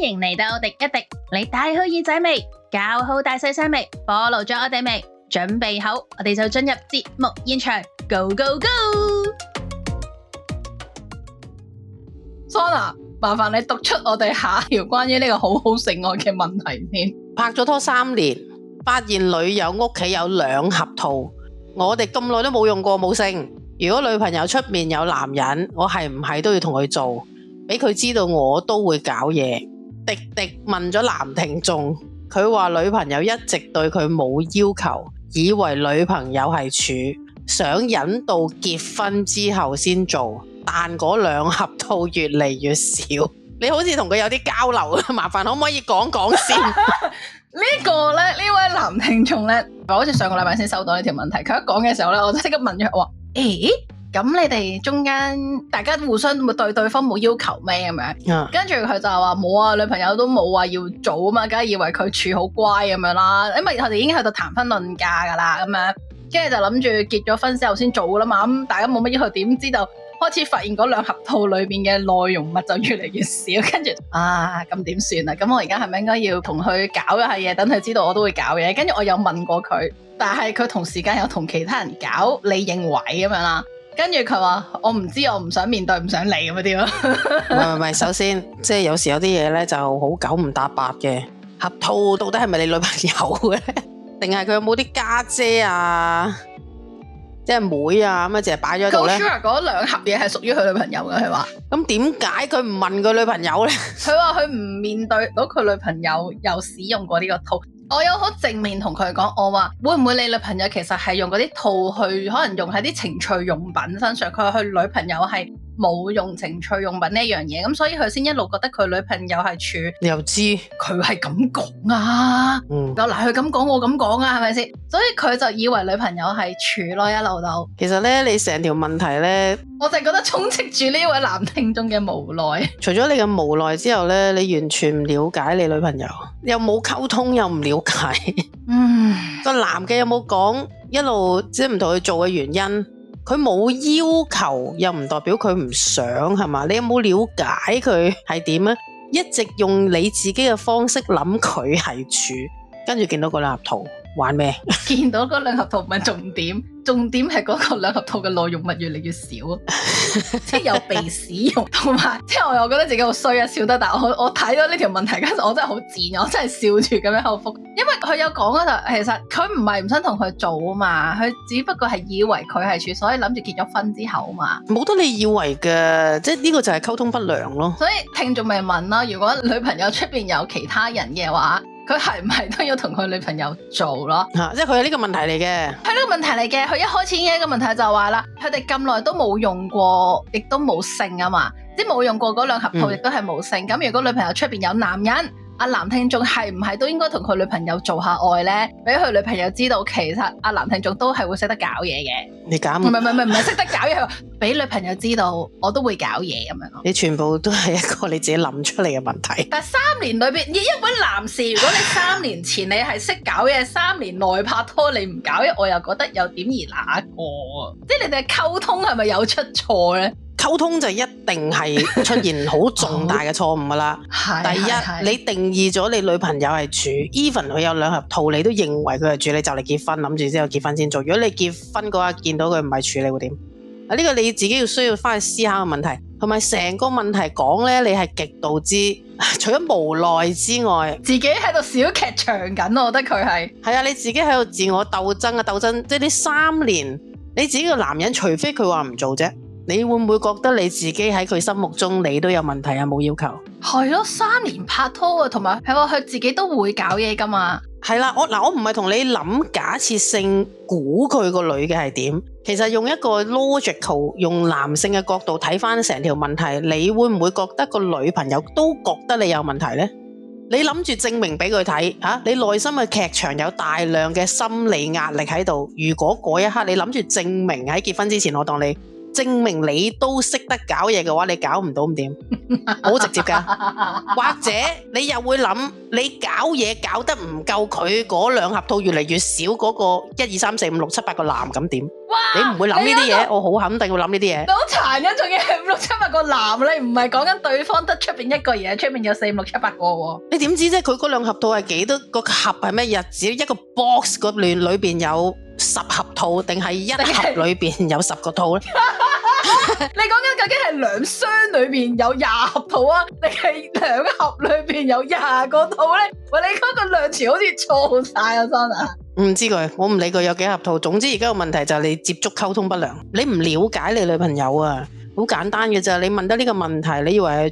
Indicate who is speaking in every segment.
Speaker 1: 歡迎嚟到廸一廸，你帶好耳仔未？搞好大細聲未？暴露咗我哋未？準備好，我哋就進入節目現場。Go go go！Sona，麻煩你讀出我哋下條關於呢個好好性愛嘅
Speaker 2: 問題先。拍咗拖三年，發現女友屋企有兩盒套，我哋咁耐都冇用過冇性。如果女朋友出面有男人，我係唔係都要同佢做？俾佢知道我都會搞嘢。廸廸問咗男聽眾，佢話女朋友一直對佢冇要求，以為女朋友係處想忍到結婚之後先做，但嗰兩盒套越嚟越少，你好似同佢有啲交流，麻煩可唔可以講講先？
Speaker 1: 呢個咧，呢位男聽眾咧，我好似上個禮拜先收到呢條問題，佢一講嘅時候咧，我就即刻問咗我話，誒？咁你哋中間大家互相對對方冇要求咩咁樣？跟住佢就話冇啊，女朋友都冇話要做啊嘛，梗係以為佢處好乖咁樣啦。因為佢哋已經喺度談婚論嫁噶啦，咁樣跟住就諗住結咗婚之後先做噶啦嘛。咁、嗯、大家冇乜要求，點知道開始發現嗰兩盒套裏邊嘅內容物就越嚟越少？跟住啊，咁點算啊？咁我而家係咪應該要同佢搞一下嘢，等佢知道我都會搞嘢？跟住我有問過佢，但係佢同時間有同其他人搞，你認為咁樣啦？跟住佢話我唔知，我唔想面對，唔想理
Speaker 2: 咁嗰啲咯。唔係唔係，首先即係有時有啲嘢咧就好九唔搭八嘅。盒套到底係咪你女朋友嘅咧？定係佢有冇啲家姐啊，即係妹啊咁啊？淨係擺咗喺度咧。嗰兩盒嘢係屬於佢女朋友嘅，佢話。咁點解佢唔問佢女朋友咧？
Speaker 1: 佢話佢唔面對到佢女朋友又使用過呢個套。我有好正面同佢講，我話會唔會你女朋友其實係用嗰啲套去，可能用喺啲情趣用品身上？佢話佢女朋友係。冇用情趣用品呢樣嘢，咁所以佢先一路覺得佢女朋友係處，
Speaker 2: 你又知佢係咁
Speaker 1: 講啊？嗯，嗱，佢咁講，我咁講啊，係咪先？所以佢就以為女朋友係處咯，一路都。
Speaker 2: 其實呢，你成條問題呢，
Speaker 1: 我就覺得充斥住呢位男
Speaker 2: 聽眾嘅無奈。除咗你嘅無奈之後呢，你完全唔了解你女朋友，又冇溝通，又唔了解。 嗯，有有，個男嘅有冇講一路即唔同佢做嘅原因？佢冇要求，又唔代表佢唔想，係咪？你有冇了解佢係點咧？一直用你自己嘅方式諗佢係處，跟住見到嗰兩盒圖，玩咩？
Speaker 1: 見到嗰兩盒圖唔係重點。 重點係嗰個兩合套嘅內容物越嚟越少， 即係有鼻屎用，同埋即係我又覺得自己好衰啊，笑得，但我我睇到呢條問題嗰陣時，其實我真係好賤，我真係笑住咁樣口腹，因為佢有講嗰時候，其實佢唔係唔想同佢做啊嘛，佢只不過係以為佢係處，所以諗住結咗婚之後啊嘛，
Speaker 2: 冇得你以為嘅，即係呢個就係溝通不良咯。
Speaker 1: 所以聽眾咪問咯，如果女朋友出邊有其他人嘅話？佢係唔係都要同佢女朋友
Speaker 2: 做咯？嚇、啊，即係佢有呢個問題嚟嘅，
Speaker 1: 佢呢個問題嚟嘅。佢一開始嘅一個問題就話啦，佢哋咁耐都冇用過，亦都冇性啊嘛，即係冇用過嗰兩合套，亦都係冇性。咁、嗯、如果女朋友出邊有男人？阿男聽眾係唔係都應該同佢女朋友做下愛呢？俾佢女朋友知道，其實阿男聽眾都係會識得搞嘢嘅。
Speaker 2: 你搞唔？唔係唔係唔係，識
Speaker 1: 得搞嘢，俾 女朋友知道，我都會搞嘢咁樣咯。你
Speaker 2: 全部都係一個你自己諗出嚟嘅問題。
Speaker 1: 但三年裏邊，一般男士，如果你三年前你係識搞嘢， 三年內拍拖你唔搞嘢，我又覺得有點而哪個？即係你哋嘅溝通係咪有出錯呢？溝通就一定
Speaker 2: 係出現好重大嘅錯誤噶啦。 哦、第一，係係係係你定義咗你女朋友係處，even 佢有兩盒套，你都認為佢係處，你就嚟結婚，諗住之後結婚先做。如果你結婚嗰下見到佢唔係處，你會點？啊，呢個你自己要需要翻去思考嘅問題。同埋成個問題講呢，你係極度之除咗無奈之外，自己喺度小劇場緊。我覺得佢係，係啊，你自己喺度自我鬥爭啊，鬥爭。即係呢三年，你自己個男人，除非佢話唔做啫。你會唔會覺得你自己喺佢心目中你都有問題啊？冇要求
Speaker 1: 係咯，三年拍拖啊，同埋係話佢自己都會搞嘢噶嘛？
Speaker 2: 係啦，我嗱我唔係同你諗假設性估佢個女嘅係點，其實用一個 logical 用男性嘅角度睇翻成條問題，你會唔會覺得個女朋友都覺得你有問題呢？你諗住證明俾佢睇吓，你內心嘅劇場有大量嘅心理壓力喺度。如果嗰一刻你諗住證明喺結婚之前，我當你。證明你都識得搞嘢嘅話，你搞唔到咁點？好 直接㗎，或者你又會諗，你搞嘢搞得唔夠佢嗰兩盒套越嚟越少嗰、嗰個一二三四五六七八個男咁點？哇！你唔會諗呢啲嘢，我好肯定會諗呢啲嘢。你好
Speaker 1: 殘忍仲要係五六七八個男，你唔係講緊對方得出邊一個嘢，出邊有四五六七八個喎。
Speaker 2: 你點知啫？佢嗰兩盒套係幾多？個盒係咩日子？一個 box 個裏裏邊有十盒套，定係一盒裏邊有十個套咧？
Speaker 1: 你講緊究竟係兩箱裏邊有廿盒套啊？定係兩盒裏邊有廿個套咧？喂！你嗰個量詞好似錯晒啊！真啊～
Speaker 2: 唔知佢，我唔理佢有幾合套。總之而家個問題就係你接觸溝通不良，你唔了解你女朋友啊。好簡單嘅咋？你問得呢個問題，你以為係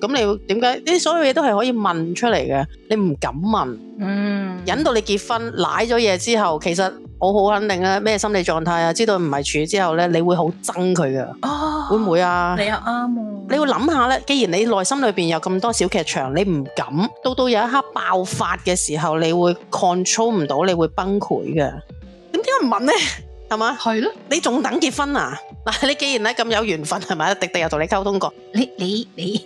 Speaker 2: 處咁，你點解啲所有嘢都係可以問出嚟嘅？你唔敢問，嗯，引到你結婚，賴咗嘢之後，其實我好肯定咧，咩心理狀態啊？知道唔係處之後呢，你會好憎佢㗎，哦，會唔會啊？你又啱喎，你要諗下呢。既然你內心裏邊有咁多小劇場，你唔敢，到到有一刻爆發嘅時候，你會 control 唔到，你會崩潰嘅。咁點解唔問呢？係嘛？係咯，的你仲等結婚啊？嗱、啊，你既然咧咁有緣分，係咪啊？廸廸又同你溝通過，你你你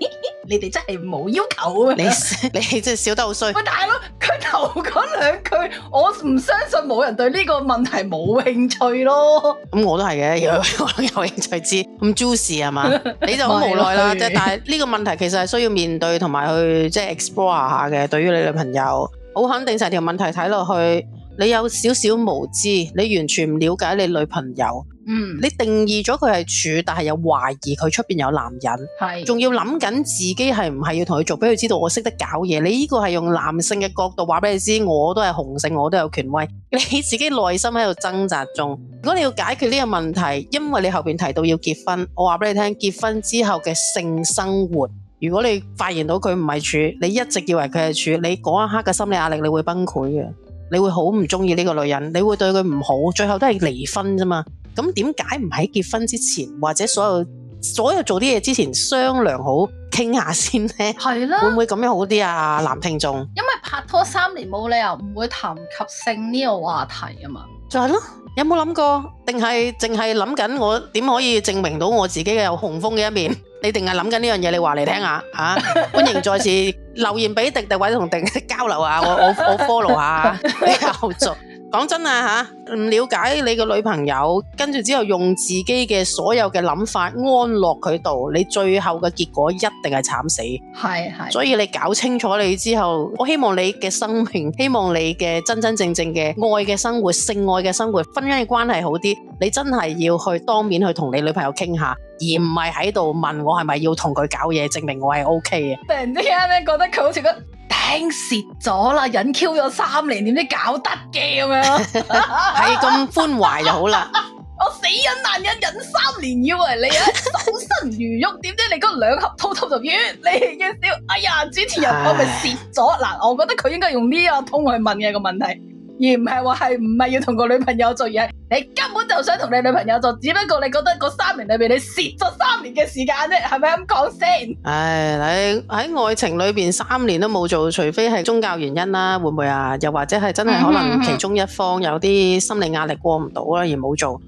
Speaker 2: 你哋真係冇要求啊！你你真係笑得好衰。喂，大
Speaker 1: 佬，佢頭嗰兩句，我唔相信冇人對呢個問題冇興趣
Speaker 2: 咯。咁、嗯、我都係嘅，有有、 嗯、有興趣知咁 juicy 係嘛？你就好無奈啦，即係 但係呢個問題其實係需要面對同埋去即係、就是、explore 下嘅。對於你女朋友，好肯定成條問題睇落去。你有少少無知，你完全唔了解你女朋友。嗯，你定義咗佢係處，但係又懷疑佢出邊有男人，係是，仲要諗緊自己係唔係要同佢做，俾佢知道我識得搞嘢。你呢個係用男性嘅角度話俾你知，我都係雄性，我都有權威。你自己內心喺度掙扎中。如果你要解決呢個問題，因為你後邊提到要結婚，我話俾你聽，結婚之後嘅性生活，如果你發現到佢唔係處，你一直以為佢係處，你嗰一刻嘅心理壓力你會崩潰嘅。你會好唔中意呢個女人，你會對佢唔好，最後都係離婚啫嘛。咁點解唔喺結婚之前或者所有所有做啲嘢之前商量好，傾下先咧？係咯，會唔會咁樣好啲啊？男聽眾，
Speaker 1: 因為拍拖三年冇理由唔會談及性呢個話題啊嘛。
Speaker 2: 就係咯。有冇諗過？定係淨係諗緊我點可以證明到我自己有雄風嘅一面？你定係諗緊呢樣嘢？你話嚟聽下啊！歡迎再次留言畀迪迪或者同迪迪交流下，我，我 follow 下，你夠做。講真呀，吓，唔了解你個女朋友，跟住之後用自己嘅所有嘅諗法安落佢度，你最後嘅結果一定係慘死。係係，所以你搞清楚你之後，我希望你嘅生命，希望你嘅真真正正嘅愛嘅生活，性愛嘅生活，婚姻嘅關係好啲。你真係要去當面去同你女朋友傾下，而唔係喺度問我係咪要同佢搞嘢，證明我係 O K 嘅。
Speaker 1: 突然之間呢，覺得佢好似都。聽蝕咗啦，忍 Q 咗三年，點知搞得嘅咁樣？係 咁
Speaker 2: 寬懷就好
Speaker 1: 啦。 我死忍難忍忍三年要啊，以為你守身如玉，點知你嗰兩盒套套就軟？你一笑，哎呀，主持人 我咪蝕咗嗱。我覺得佢應該用呢個桶去問嘅，這個問題。而唔係話係唔係要同個女朋友做嘢，你根本就想同你女朋友做，只不過你覺得嗰三年裏邊你蝕咗三年嘅時間啫，係咪
Speaker 2: 咁講先？唉，你喺愛情裏邊三年都冇做，除非係宗教原因啦，會唔會啊？又或者係真係可能其中一方有啲心理壓力過唔到啦，而冇做，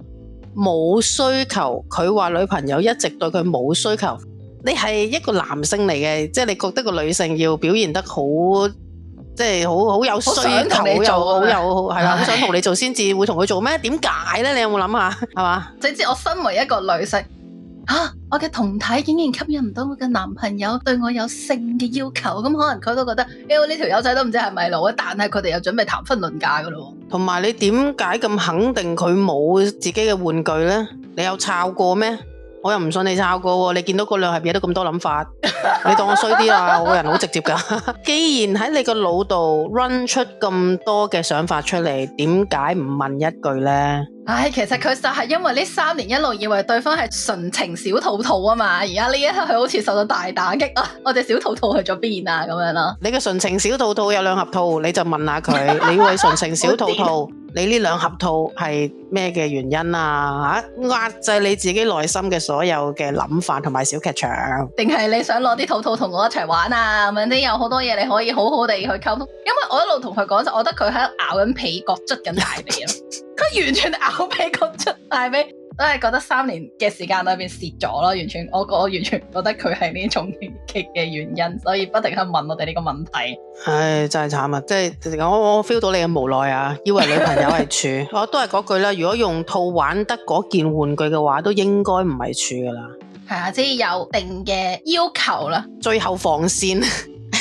Speaker 2: 冇需求，佢話女朋友一直對佢冇需求，你係一個男性嚟嘅，即係你覺得個女性要表現得好。即係好好有需求，又好有好係啦，好想同你做先至會同佢做咩？點解的呢？你有冇諗下係嘛？
Speaker 1: 總知我身為一個女性，吓、啊、我嘅胴體竟然吸引唔到我嘅男朋友對我有性嘅要求，咁、嗯、可能佢都覺得，哎、欸、呢條友仔都唔知係咪路，但係佢哋又準備談婚論嫁噶咯。
Speaker 2: 同埋你點解咁肯定佢冇自己嘅玩具呢？你有抄過咩？我又唔信你抄過喎，你見到嗰兩係嘢都咁多諗法，你當我衰啲啦，我個人好直接㗎。 既然喺你個腦度 run 出咁多嘅想法出嚟，點解唔問一句咧？唉，其
Speaker 1: 實佢就係因為呢三年一路以為對方係純情小兔兔啊嘛，而家呢一刻佢好似受到大打擊啊！我哋小兔兔去咗邊啊？咁樣咯，
Speaker 2: 你嘅純情小兔兔有兩盒兔，你就問下佢， 你位純情小兔兔， 你呢兩盒兔係咩嘅原因啊？壓、啊、制、就係、你自己內心嘅所有嘅諗法同埋小劇場，
Speaker 1: 定係你想攞啲兔兔同我一齊玩啊？咁樣啲有好多嘢你可以好好地去溝通，因為我一路同佢講就，我覺得佢喺度咬緊被角，捽緊大鼻
Speaker 3: 咯。 完全
Speaker 1: 咬尾講出大尾，都係覺得三年嘅時間裏邊蝕咗咯。完全我我完全覺得佢係呢種劇嘅原因，所以不停喺問我哋呢個問題。
Speaker 2: 唉，真係慘啊！即係我我 feel 到你嘅無奈啊。以為女朋友係處， 我都係嗰句啦。如果用套玩得嗰件玩具嘅話，都應該唔係處㗎喇。係啊，即係有定嘅要求啦。最後防線。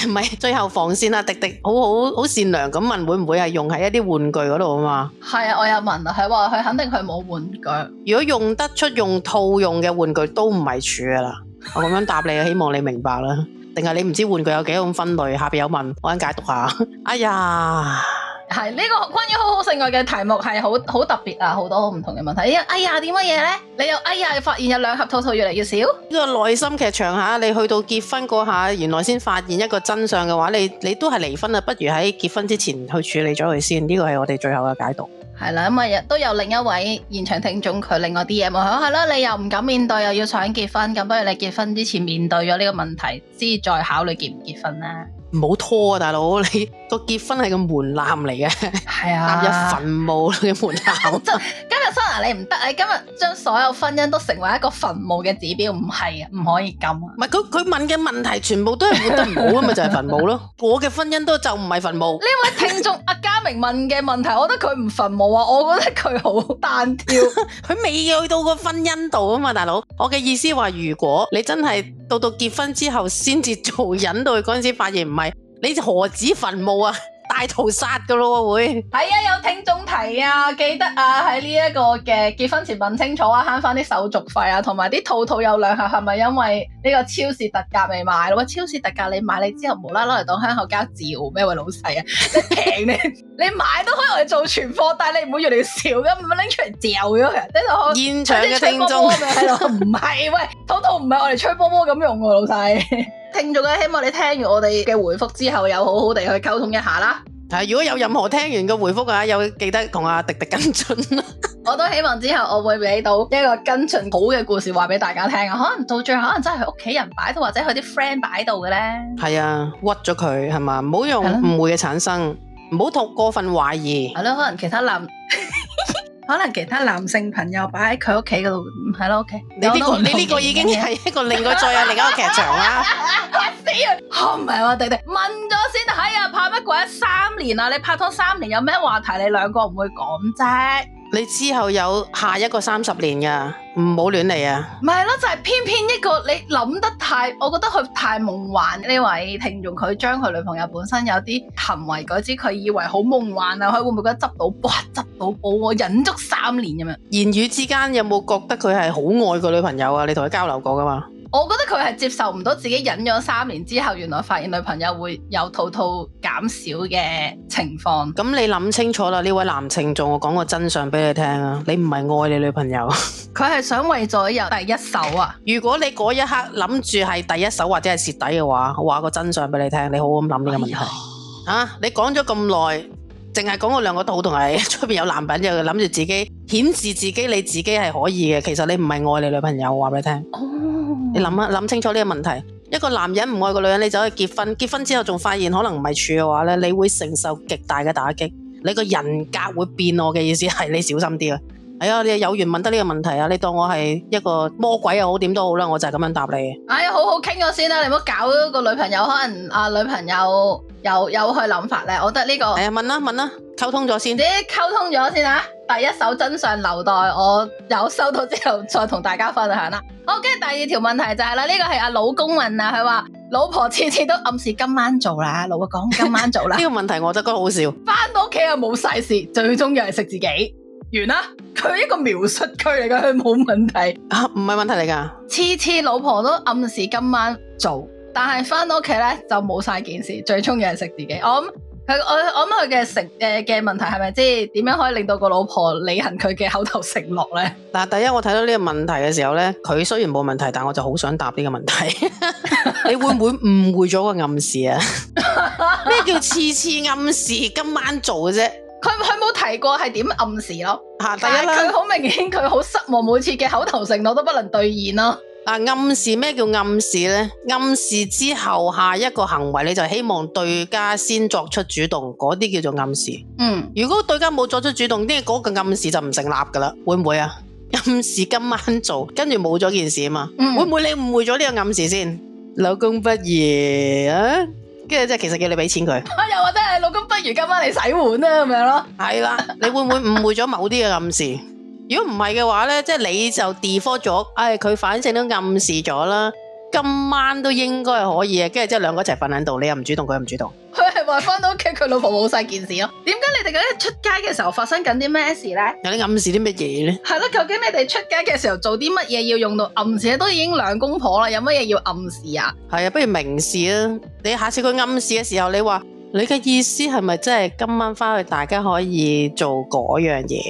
Speaker 2: 唔係 最後防線啊？迪迪好好好善良咁問，會唔會係用喺一啲玩具嗰度啊嘛？
Speaker 1: 係啊，我有問啊。佢話佢肯定佢冇
Speaker 2: 玩具。如果用得出用套用嘅玩具都唔係處噶啦，我咁樣答你，希望你明白啦。定係你唔知玩具有幾種分類？下邊有問，我揀解讀下。哎
Speaker 1: 呀～係呢個關於好好性愛嘅題目係好好特別啊，好多好唔同嘅問題。哎
Speaker 2: 呀，點乜嘢呢？你又哎呀，發現有兩盒套套，越嚟越少。呢個內心劇場下，你去到結婚嗰下，原來先發現一個真相嘅話，你你都係離婚啊。不如喺結婚之前去處理咗佢先。呢個係我哋最後嘅解讀。
Speaker 1: 係啦，因為都有另一位現場聽眾佢另外啲嘢嘛。係咯，你又唔敢面對，又要想結婚，咁不如你結婚之前面對咗呢個問題，先再考慮結唔結婚啦。
Speaker 2: 唔好拖啊，大佬！你個結婚係個門檻嚟嘅，是啊， 啊，踏入墳墓嘅門檻。今
Speaker 1: 日 Sona 你唔得，你今日將所有婚姻都成為一個墳墓嘅指標，唔係啊，唔可以咁。
Speaker 2: 唔係佢佢問嘅問題全部都係活得唔好啊，咪 就係墳墓咯。我嘅婚姻都就唔係墳墓。呢位聽眾
Speaker 1: 阿家明問嘅問題，我覺得佢唔墳墓啊，我覺得佢好
Speaker 2: 單調，佢未 去到個婚姻度啊嘛，大佬。我嘅意思話，如果你真係到到結婚之後先至做人，到去嗰陣時發現唔係。你何止墳墓啊？大屠殺噶咯會？
Speaker 1: 係啊，有聽眾提啊，記得啊，喺呢一個嘅結婚前問清楚啊，慳翻啲手續費啊，同埋啲套套有兩盒，係咪因為呢個超市特價未買咯？喂，超市特價你買你之後無啦啦嚟，當香口膠嚼咩？喂老細啊，你平你你買都可以，我哋做存貨，但係你唔會越嚟越少噶，唔好拎出嚟嚼咗佢。現場嘅聽眾唔係喂，套套唔係我哋吹波波咁用噶，老細。聽咗嘅，希望你聽完我哋嘅回覆之後，有好好地去溝通一下啦。
Speaker 2: 係，如果有任何聽完嘅回覆嘅話，又記得同阿迪迪跟進。
Speaker 1: 我都希望之後我會俾到一個跟進好嘅故事，話俾大家聽啊。可能到最後可能真係佢屋企人擺到，或者佢啲 friend 擺到嘅咧。
Speaker 2: 係啊，屈咗佢係嘛，唔好用誤會嘅產生，唔好太過分懷疑。係
Speaker 1: 咯，可能其他男可能其他男性朋友擺喺佢屋企嗰度，係咯，OK 你、這個。你呢個你呢個已經係一個另外再有另一個劇、啊、 場啦。死人，唔係我弟弟問咗先，哎呀，怕乜鬼？三年啦、啊，你拍拖三年有咩話題你兩？你兩個唔會講啫。
Speaker 2: 你之後有下一個三十年噶，唔好亂嚟啊！
Speaker 1: 咪係咯，就係偏偏一個你諗得太，我覺得佢太夢幻。呢位聽眾佢將佢女朋友本身有啲行為嗰啲，佢以為好夢幻啊！佢會唔會覺得執到寶，執到寶，我忍足三年咁樣？
Speaker 2: 言語之間有冇覺得佢係好愛個女朋友啊？你同佢交流過噶嘛？
Speaker 1: 我覺得佢係接受唔到自己忍咗三年之後，原來發現女朋友會有套套減少嘅
Speaker 2: 情況。咁你諗清楚啦，呢位男聽眾，做我講個真相俾你聽啊！你唔係愛你女朋友，佢 係想為咗有第一手啊！ 如果你嗰一刻諗住係第一手或者係蝕底嘅話，我話個真相俾你聽，你好好咁諗呢個問題，哎、呦啊！你講咗咁耐。淨係講我兩個肚兩個都好同係出邊有男朋友，又諗住自己顯示自己你自己係可以嘅。其實你唔係愛你女朋友，話俾你聽。哦，
Speaker 3: 你諗下
Speaker 2: 諗清楚呢個問題。一個男人唔愛個女人，你走去結婚，結婚之後仲發現可能唔係處嘅話呢，你會承受極大嘅打擊，你個人格會變。我嘅意思係你小心啲啊。係啊，你有緣問得呢個問題啊。你當我係一個魔鬼又好，點都好啦。我就係咁樣答你。
Speaker 3: 哎呀，好好
Speaker 1: 傾咗先啦，你唔好搞個女朋友，可能啊女朋友。有有去諗法咧，我覺得呢、這個係、哎、問啦問啦，溝通咗先，啲溝通咗先吓。第一手真相留待我有收到之後再同大家分享啦。OK，第二條問題就係、是、啦，呢、這個係阿老公問啊，佢話老婆次次都暗示今晚做啦，老婆講今晚做啦。呢 個問題我都覺得好笑，翻到屋企又冇晒事，最終又係食自己完啦。佢一個描述區嚟噶，佢冇
Speaker 2: 問題啊，唔係問題嚟噶，
Speaker 1: 次次老婆都暗示今晚做。但係翻到屋企咧就冇晒件事，最終又係食自己。我諗佢我我諗佢嘅食誒嘅、呃、問題係咪即係點樣可以令到個老婆履行佢嘅口頭承諾
Speaker 2: 咧？嗱，第一我睇到呢個問題嘅時候咧，佢雖然冇問題，但我就好想答呢個問題。 你會唔會誤會咗個暗示啊？咩 叫次次暗
Speaker 1: 示今晚做嘅啫？佢佢冇提過係點暗示咯。第一，佢好明顯佢
Speaker 2: 好失望，每次嘅口頭承諾都不能兌現咯。嗱、啊，暗示咩叫暗示呢？暗示之後下一個行為，你就希望對家先作出主動，嗰啲叫做暗示。嗯，如果對家冇作出主動，呢、嗰個暗示就唔成立噶啦，會唔會啊？暗示今晚做，跟住冇咗件事啊嘛，嗯、會唔會你誤會咗呢個暗示先？老公不如、啊，跟住即係其實叫你俾錢佢，
Speaker 1: 又或者係老公不
Speaker 2: 如今晚嚟洗碗啦咁樣咯，係啦， 你會唔會誤會咗某啲嘅暗示？ 如果唔係嘅話呢，即係你就 default 咗。唉、哎，佢反正都暗示咗啦，今晚都應該係可以嘅。跟住即係兩個一齊瞓喺度，你又唔主動，佢又唔主動。
Speaker 1: 佢係話翻到屋企，佢老婆冇晒件事咯。點解你哋咁樣出街嘅時候發生緊啲咩事呢？
Speaker 2: 有啲暗示啲乜嘢呢？
Speaker 1: 係咯，究竟你哋出街嘅時候做啲乜嘢要用到暗示？都已經兩公婆啦，有乜嘢要暗示
Speaker 2: 啊？係啊，不如明示啦。你下次佢暗示嘅時候，你話你嘅意思係咪即係今晚翻去大家可以做嗰樣嘢？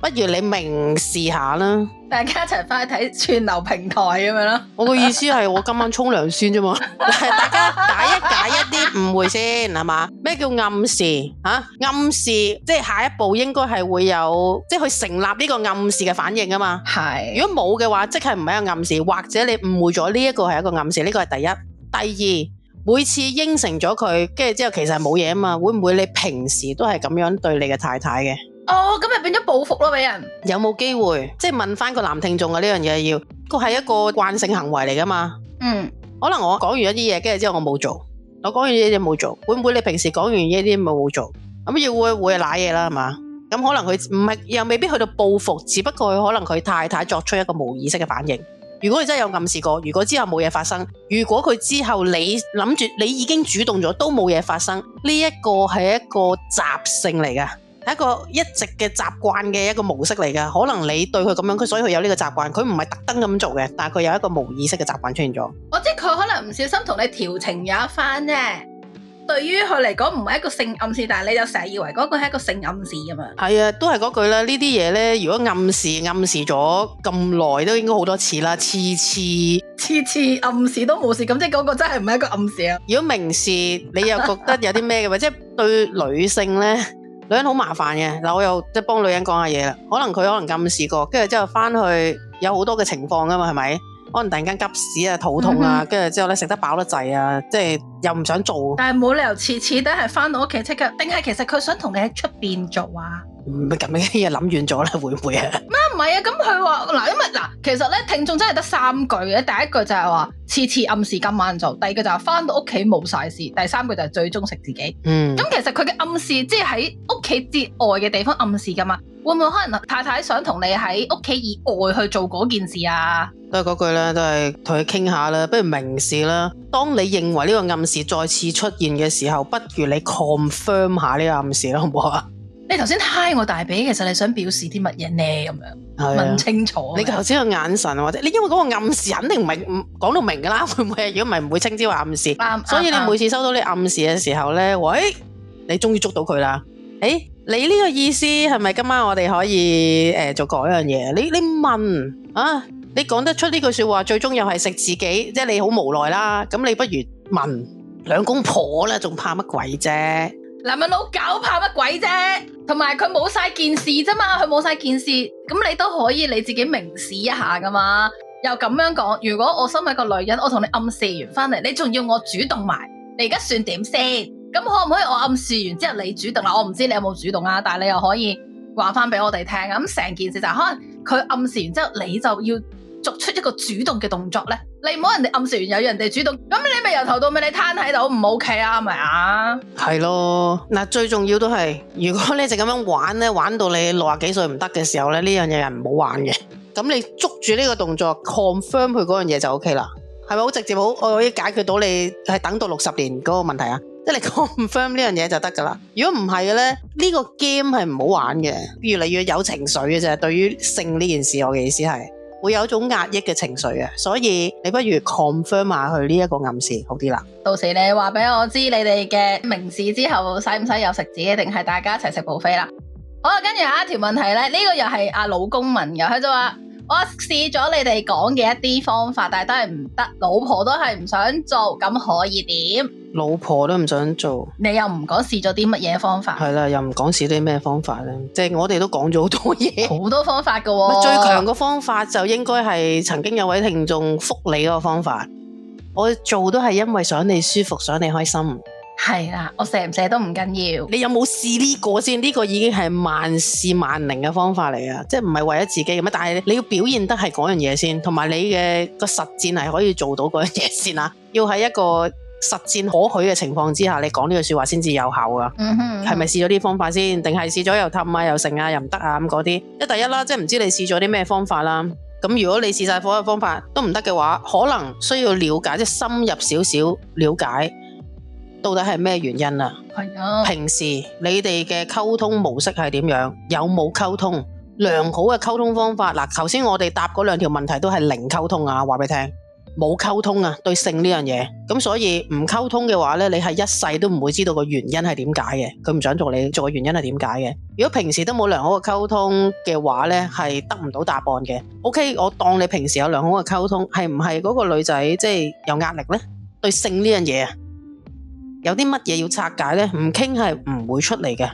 Speaker 2: 不如你明示下啦，大家一齊翻去睇串流平台咁樣咯。 我個意思係我今晚沖涼先啫嘛， 大家解一解一啲誤會先，係嘛？咩叫暗示？啊？暗示即係下一步應該係會有，即係佢成立呢個暗示嘅反應啊嘛。是如果冇嘅話，即係唔係一個暗示，或者你誤會咗呢一個係一個暗示，呢個係第一。第二，每次應承咗佢，跟住之後其實係冇嘢啊嘛。會唔會你平時都係咁樣對你嘅太太嘅？
Speaker 1: 哦，咁咪變咗報復咯，俾人
Speaker 2: 有冇機會？即係問翻個男聽眾啊，呢樣嘢要，個係一個慣性行為嚟噶嘛？嗯，可能我講完一啲嘢，跟住之後我冇做，我講完呢啲冇做，會唔會你平時講完呢啲冇做，咁要會會瀨嘢啦，係嘛？咁可能佢唔係又未必去到報復，只不過佢可能佢太太作出一個無意識嘅反應。如果你真係有暗示過，如果之後冇嘢發生，如果佢之後你諗住你已經主動咗都冇嘢發生，呢一個係一個習性嚟嘅。係一個一直嘅習慣嘅一個模式嚟㗎，可能你對佢咁樣，佢所以佢有呢個習慣，佢唔係特登咁做嘅，但係佢有一個無意識嘅習慣出現咗。
Speaker 1: 我知佢可能唔小心同你調情有一番啫。對於佢嚟講唔係一個性暗示，但係你就成日以為嗰個係一個性暗示啊嘛。
Speaker 2: 係啊，都係嗰句啦。呢啲嘢咧，如果暗示暗示咗咁耐，都應該好多次啦，次次次次暗示都冇事，咁即係嗰個真係唔係一個暗示啊。如果明示，你又覺得有啲咩嘅，或者 對女性咧？女人好麻煩嘅，嗱，我又即係幫女人講下嘢啦。可能佢可能咁試過，跟住之後返去有好多嘅情況噶嘛，係咪？可能突然間急屎啊、肚痛啊，跟住之後咧食得飽得滯啊，即係又唔想做。嗯、哼但
Speaker 1: 係冇理由次次都係返到屋企即刻，定係其實佢想同你喺出面做啊？
Speaker 2: 咩咁嘅嘢諗遠咗咧？會唔會啊？
Speaker 1: 咩唔係啊？咁佢話嗱，因為嗱，其實咧聽眾真係得三句嘅。第一句就係話，次次暗示今晚做。第二句就係翻到屋企冇晒事。第三句就係最終食自己。嗯。咁、嗯、其實佢嘅暗示，即係喺屋企之外嘅地方暗示噶嘛？會唔會可能太太想同你喺屋企以外去做嗰件事啊？
Speaker 2: 都係嗰句咧，都係同佢傾下咧，不如明示啦。當你認為呢個暗示再次出現嘅時候，不如你 confirm 下呢個暗示啦，好唔好啊？
Speaker 1: 你頭先 high 我大髀，其實你想表示啲乜嘢呢？咁樣、
Speaker 2: 啊、問清楚。你頭先個眼神，或者你因為嗰個暗示，肯定唔係，講到明噶啦，會唔會？如果唔係，唔會稱之為暗示。對所以你每次收到啲暗示嘅時候呢，喂對、欸欸，你終於捉到佢啦。誒，你呢個意思係咪今晚我哋可以誒、欸，做嗰樣嘢？你你問啊，你講得出呢句說話，最終又係食自己，即、就、係、是、你好無奈啦。咁你不如問兩公婆啦，仲怕乜鬼啫？
Speaker 1: 男人老狗怕乜鬼啫？同埋佢冇晒件事啫嘛，佢冇晒件事，咁你都可以你自己明示一下噶嘛。又咁樣講，如果我身為個女人，我同你暗示完翻嚟，你仲要我主動埋？你而家算點先？咁可唔可以我暗示完之後你主動？嗱，我唔知你有冇主動啊，但係你又可以話翻俾我哋聽。咁成件事就係可能佢暗示完之後，你就要。作出一個主動嘅動作呢，你唔好人哋暗示完有人哋主動，咁你咪由頭到尾你攤喺度，唔 OK 啊，係咪啊？
Speaker 2: 係咯，嗱，最重要都係，如果你淨咁樣玩呢，玩到你六十幾歲唔得嘅時候呢，呢樣嘢係唔好玩嘅。咁你捉住呢個動作 confirm 佢嗰樣嘢就 OK 啦，係咪好直接好？我可以解決到你係等到六十年嗰個問題啊？即係你 confirm 呢樣嘢就得噶啦。如果唔係嘅呢，呢、這個 game 係唔好玩嘅，越嚟越有情緒嘅啫。對於性呢件事，我嘅意思係。會有一種壓抑嘅情緒啊，所以你不如 confirm 下佢呢一個暗示好啲啦。
Speaker 1: 到時你話俾我知你哋嘅明示之後，使唔使有食指定係大家一齊食 buffet 啦？好啦，跟住下一條問題咧，呢個又係阿老公問嘅，佢就話。我試咗你哋講嘅一啲方法，但係都係唔得，老婆都係唔想做，咁可以點？
Speaker 2: 老婆都唔想做，
Speaker 1: 你又唔講試咗啲乜嘢方
Speaker 2: 法？係啦，又唔講試啲咩方法咧？即係我哋都講咗好多嘢，
Speaker 1: 好多方法㗎喎。最強
Speaker 2: 嘅方法就應該係曾經有位聽眾覆你嗰個方法，我做都係因為想你舒服，想你開心。係啦，我寫唔寫都唔緊要，要。你有冇試呢個先？呢、這個已經係萬試萬靈嘅方法嚟㗎！即係唔係為咗自己嘅咩？但係你要表現得係嗰樣嘢先，同埋你嘅個實戰係可以做到嗰樣嘢先啦。要喺一個實戰可許嘅情況之下，你講呢句說個話先至有效啊。嗯，係咪試咗啲方法先？定係試咗又氹啊，又成啊，又唔得啊咁嗰啲？一第一啦，即係唔知你試咗啲咩方法啦。咁如果你試晒火嘅方法都唔得嘅話，可能需要了解即係深入少少了解。到底係咩原因啊？係啊！平時你哋嘅溝通模式係點樣？有冇溝通？良好嘅溝通方法？嗱、嗯，頭先我哋答嗰兩條問題都係零溝通啊！話俾你聽冇溝通啊，對性呢樣嘢咁，所以唔溝通嘅話咧，你係一世都唔會知道個原因係點解嘅。佢唔想做你做個原因係點解嘅？如果平時都冇良好嘅溝通嘅話咧，係得唔到答案嘅。O、okay, K，我當你平時有良好嘅溝通，係唔係嗰個女仔即係有壓力咧？對性呢樣嘢啊？有啲乜嘢要拆解呢？唔傾係唔會出嚟嘅。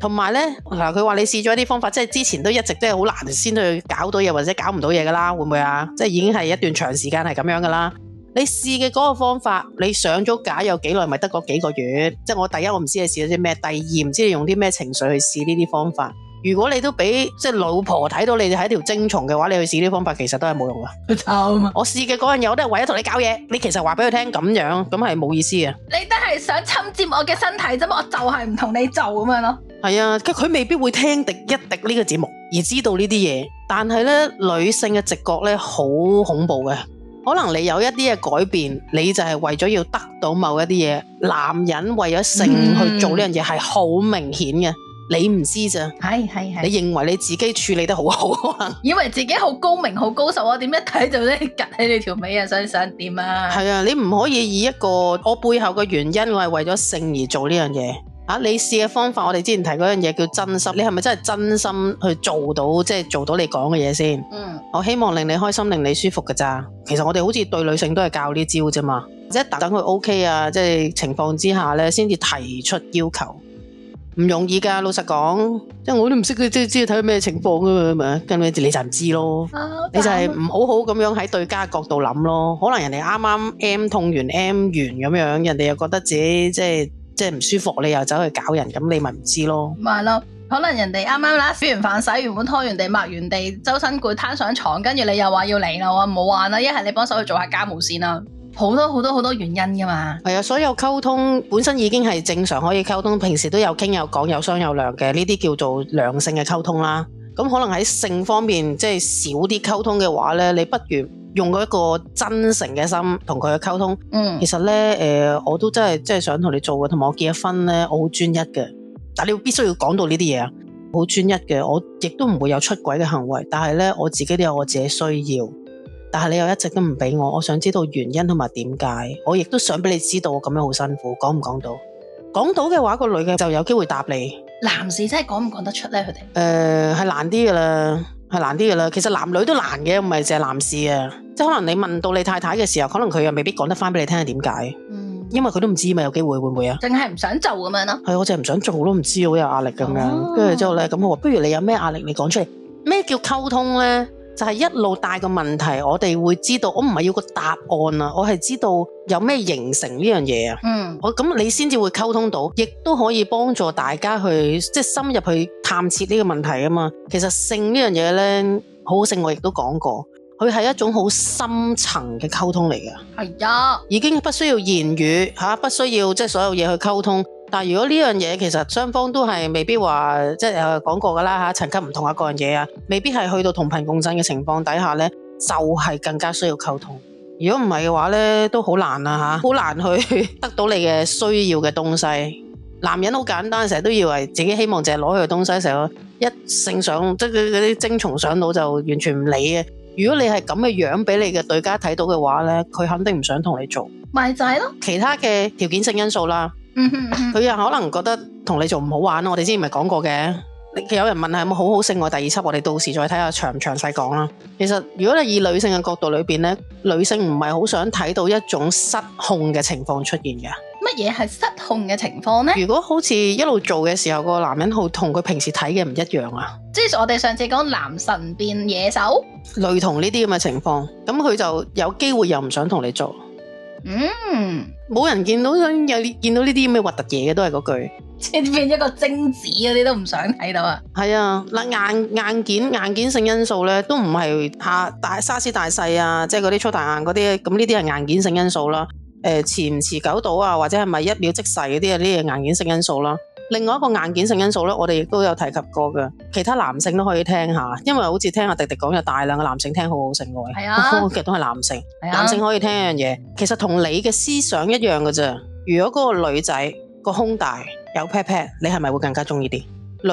Speaker 2: 同埋呢，嗱，佢話你試咗一啲方法，即係之前都一直都係好難先去搞到嘢，或者搞唔到嘢噶啦，會唔會啊？即係已經係一段長時間係咁樣噶啦。你試嘅嗰個方法，你上咗架有幾耐，咪得嗰幾個月？即係我第一，我唔知你試咗啲咩，第二唔知你用啲咩情緒去試呢啲方法。如果你都俾即係老婆睇到你哋係一條精蟲嘅話，你去試呢啲方法，其實都係冇用噶。 我試嘅嗰樣嘢，我都係為咗同你搞嘢。你其實話俾佢聽咁樣，咁係冇意思啊。
Speaker 1: 你都係想侵佔我嘅身體啫嘛，我就係唔同你做咁樣咯。
Speaker 2: 係啊，佢未必會聽廸一廸呢個節目而知道呢啲嘢。但係呢，女性嘅直覺呢，好恐怖嘅。可能你有一啲嘅改變，你就係為咗要得到某一啲嘢。男人為咗性去做呢樣嘢係好明顯嘅。嗯你唔知咋，係係係，你認為你自己處理得好好啊？以
Speaker 1: 為自己好高明、好高手啊？點一睇就咧夾起你條尾啊！想想點啊？
Speaker 2: 係啊，你唔可以以一個我背後嘅原因，我係為咗性而做呢樣嘢啊！你試嘅方法，我哋之前提嗰樣嘢叫真心，你係咪真係真心去做到？即、就、係、是、做到你講嘅嘢先？嗯，我希望令你開心、令你舒服嘅咋。其實我哋好似對女性都係教呢招啫嘛，即係等佢 OK 啊，即係情況之下咧，先至提出要求。唔容易噶老實講，即係我都唔識佢，即係知道睇咩情況噶嘛，跟住你就唔知咯，oh, okay. 你就係唔好好咁樣喺對家角度諗咯。可能人哋啱啱 M 痛完 M 完咁樣，人哋又覺得自己即係即係唔舒服，你又走去搞人，咁你咪唔知咯。
Speaker 1: 係咯，可能人哋啱啱啦，煮完飯洗完碗拖完地抹完地，周身攰，攤上，上床，跟住你又話要嚟啦，我唔好玩啦，一係你幫手去做下家務先啦。好多好多好多原因㗎嘛，
Speaker 2: 係啊，所有溝通本身已經係正常可以溝通，平時都有傾有講有商有量嘅，呢啲叫做良性嘅溝通啦。咁可能喺性方面即係少啲溝通嘅話呢，你不如用一個真誠嘅心同佢去溝通。嗯，其實呢，誒、呃，我都真係真係想同你做嘅，同埋我結咗婚呢，我好專一嘅，但係你必須要講到呢啲嘢啊，好專一嘅，我亦都唔會有出軌嘅行為，但係呢，我自己都有我自己需要。但係你又一直都唔俾我，我想知道原因同埋點解，我亦都想俾你知道，我咁樣好辛苦，講唔講到？講到嘅話，個女嘅就有機會答你。
Speaker 1: 男士真係講唔講得出咧？佢哋誒
Speaker 2: 係難啲噶啦，係難啲噶啦。其實男女都難嘅，唔係淨係男士啊。即係可能你問到你太太嘅時候，可能佢又未必講得翻俾你聽係點解。
Speaker 1: 嗯，
Speaker 2: 因為佢都唔知咪有機會會唔會啊？淨
Speaker 1: 係唔想做咁樣咯。
Speaker 2: 係我淨係唔想做都唔知，好有壓力噶咁樣。跟住、哦、之後咧，咁我話不如你有咩壓力你講出嚟，咩叫溝通咧？就係一路帶個問題，我哋會知道，我唔係要個答案啊，我係知道有咩形成呢樣嘢啊。嗯，我咁你先至會溝通到，亦都可以幫助大家去即係深入去探測呢個問題啊嘛。其實性呢樣嘢咧，好好性我亦都講過，佢係一種好深層嘅溝通嚟噶。
Speaker 3: 係啊呀，
Speaker 2: 已經不需要言語吓、啊，不需要即係所有嘢去溝通。但如果呢樣嘢，其實雙方都係未必話即係講過噶啦吓，層級唔同一個樣嘢啊，未必係去到同頻共振嘅情況底下咧，就係更加需要溝通。如果唔係嘅話咧，都好難啊吓，好難去得到你嘅需要嘅東西。男人好簡單，成日都以為自己希望淨係攞佢嘅東西，成日一性上即係嗰啲精蟲上腦就完全唔理嘅。如果你係咁嘅樣俾你嘅對家睇到嘅話咧，佢肯定唔想同你做。咪就係咯，其他嘅條件性因素啦。佢又 可能覺得同你做唔好玩咯，我哋之前咪講過嘅。有人問係咪好好性愛第二輯，我哋到時再睇下詳唔詳細講啦。其實如果你以女性嘅角度裏邊咧，女性唔係好想睇到一種失控嘅情況出現嘅。
Speaker 1: 乜嘢係失控嘅情況呢？
Speaker 2: 如果好似一路做嘅時候，個男人，好同佢平時睇嘅唔一樣啊，
Speaker 1: 即係我哋上次講男神變野
Speaker 2: 獸，類同呢啲咁嘅情況，咁佢就有機會又唔想同你做。嗯，冇人見到有見到呢啲咁嘅核突嘢嘅，都係嗰句，變一個精子嗰啲都唔想睇到啊。係啊，嗱，硬、硬件，硬件性因素咧，都唔係吓大沙士大細啊，即係嗰啲粗大硬嗰啲，咁呢啲係硬件性因素啦。誒、呃，持唔持久度啊，或者係咪一秒即逝嗰啲啊，呢啲係硬件性因素啦。另外一個硬件性因素我哋亦都有提及過嘅，其他男性都可以聽下，因為好似聽阿廸廸講，有大量嘅男性聽好好性愛，其實、啊、都係男性，啊、男性可以聽一樣嘢，其實同你嘅思想一樣嘅啫。如果嗰個女仔個胸大有 pat pat，你係咪會更加中意啲？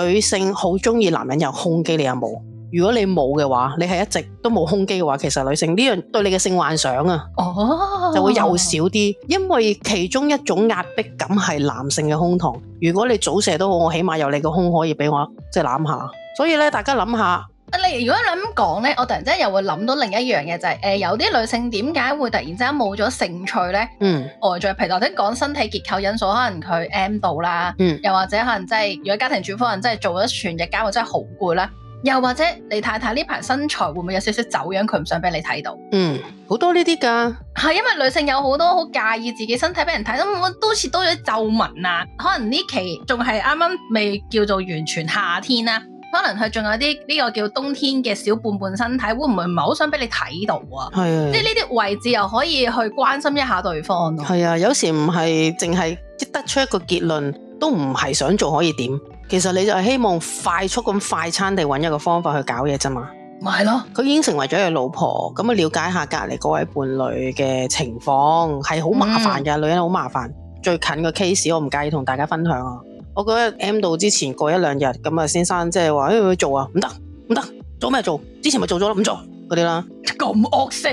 Speaker 2: 女性好中意男人有胸肌，你有冇，你又冇？如果你冇嘅話，你係一直都冇胸肌嘅話，其實女性呢樣對你嘅性幻想啊，
Speaker 3: 哦、就會又
Speaker 2: 少啲，哦、因為其中一種壓迫感係男性嘅胸膛。如果你早射都好，我起碼有你個胸可以俾我即係攬下。所以咧，大家諗下，
Speaker 1: 你如果你咁講咧，我突然之間又會諗到另一樣嘢就係，誒，有啲女性點解會突然之間冇咗性趣呢？嗯，外在皮帶或者講身體結構因素，可能佢 M 到啦，嗯，又或者可能即係如果家庭主婦人真係做咗全日家務，真係好攰啦。又或者你太太呢排身材會唔會有少少走樣？佢唔想俾你睇到。嗯，好多呢啲噶。係因為女性有好多好介意自己身體俾人睇，咁我都似多咗皺紋啊。可能呢期仲係啱啱未叫做完全夏天啊，可能佢仲有啲呢個叫冬天嘅小半半身體，會唔會唔係好想俾你睇到啊？係啊的，即係呢啲位置又可以去關心一下對
Speaker 2: 方咯、啊。係啊，有時唔係淨係即得出一個結論，都唔係想做可以點。其實你就係希望快速咁快餐地揾一個方法去搞嘢啫嘛，咪咯。佢已經成為咗佢老婆，咁啊了解下隔籬嗰位伴侶嘅情況係好麻煩嘅。嗯、女人好麻煩。最近個 case 我唔介意同大家分享啊。我覺得 M 到之前過一兩日，咁啊先生即係話誒會做啊唔得唔得，做咩做？之前咪做咗咯，唔做嗰啲啦。
Speaker 1: 咁惡色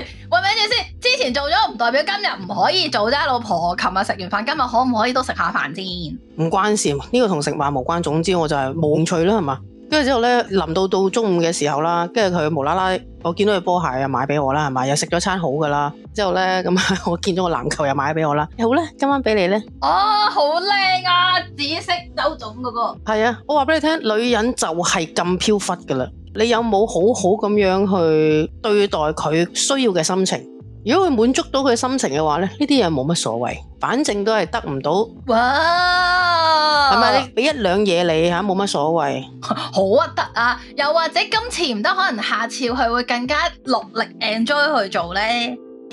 Speaker 1: 做咗唔代表今日唔可以做啫，老婆。我琴日食完飯，今日可唔可以都食下飯先？
Speaker 2: 唔關事，呢個同食飯無關。總之我就係冇興趣啦，係嘛。跟住之後呢，臨到到中午嘅時候啦，跟住佢無啦啦，我見到佢波鞋又買俾我啦，係咪？又食咗餐好噶啦。之後呢，咁，我見到個籃球又買俾我啦。好咧，今晚俾你呢？
Speaker 1: 哦，好靚啊，紫色周總嗰
Speaker 2: 個。係啊，我話俾你聽，女人就係咁飄忽噶啦。你有冇好好咁樣去對待佢需要嘅心情？如果佢滿足到佢心情嘅話咧，呢啲嘢冇乜所謂，反正都係得唔到。
Speaker 3: 哇 Wow.！係咪？
Speaker 2: 俾一兩嘢你嚇，冇乜所謂。
Speaker 1: 好核突啊！又或者今次唔得，可能下次佢會更加落力 enjoy 去做呢？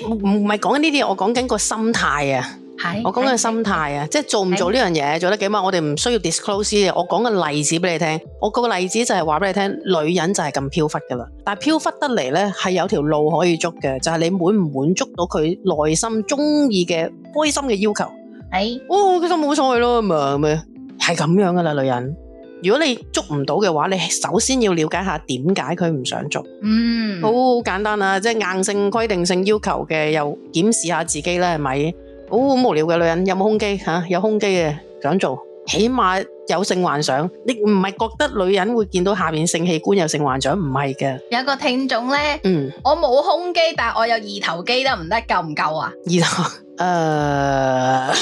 Speaker 2: 唔係講呢啲，我講緊個心態啊。係，我講緊嘅心態啊，即係做唔做呢樣嘢、做得幾萬，我哋唔需要 disclose。我講個例子俾你聽，我個例子就係話俾你聽，女人就係咁飄忽噶啦。但係飄忽得嚟咧，係有條路可以捉嘅，就係、是、你滿唔滿足到佢內心中意嘅開心嘅要求。係是，哦，佢心冇所謂咯，咪咁樣，係咁樣噶啦，女人。如果你捉唔到嘅話，你首先要了解下點解佢唔想做。嗯，好簡單啊，即係硬性規定性要求嘅，又檢視下自己啦，係咪？好無聊嘅女人，有冇胸肌吓？有胸肌嘅想做，起碼有性幻想。你唔係覺得女人會見到下面性器官有性幻想唔係嘅？
Speaker 1: 有個聽眾呢，嗯，我冇胸肌，但係我有二頭肌得唔得？夠唔夠啊？
Speaker 2: 二頭，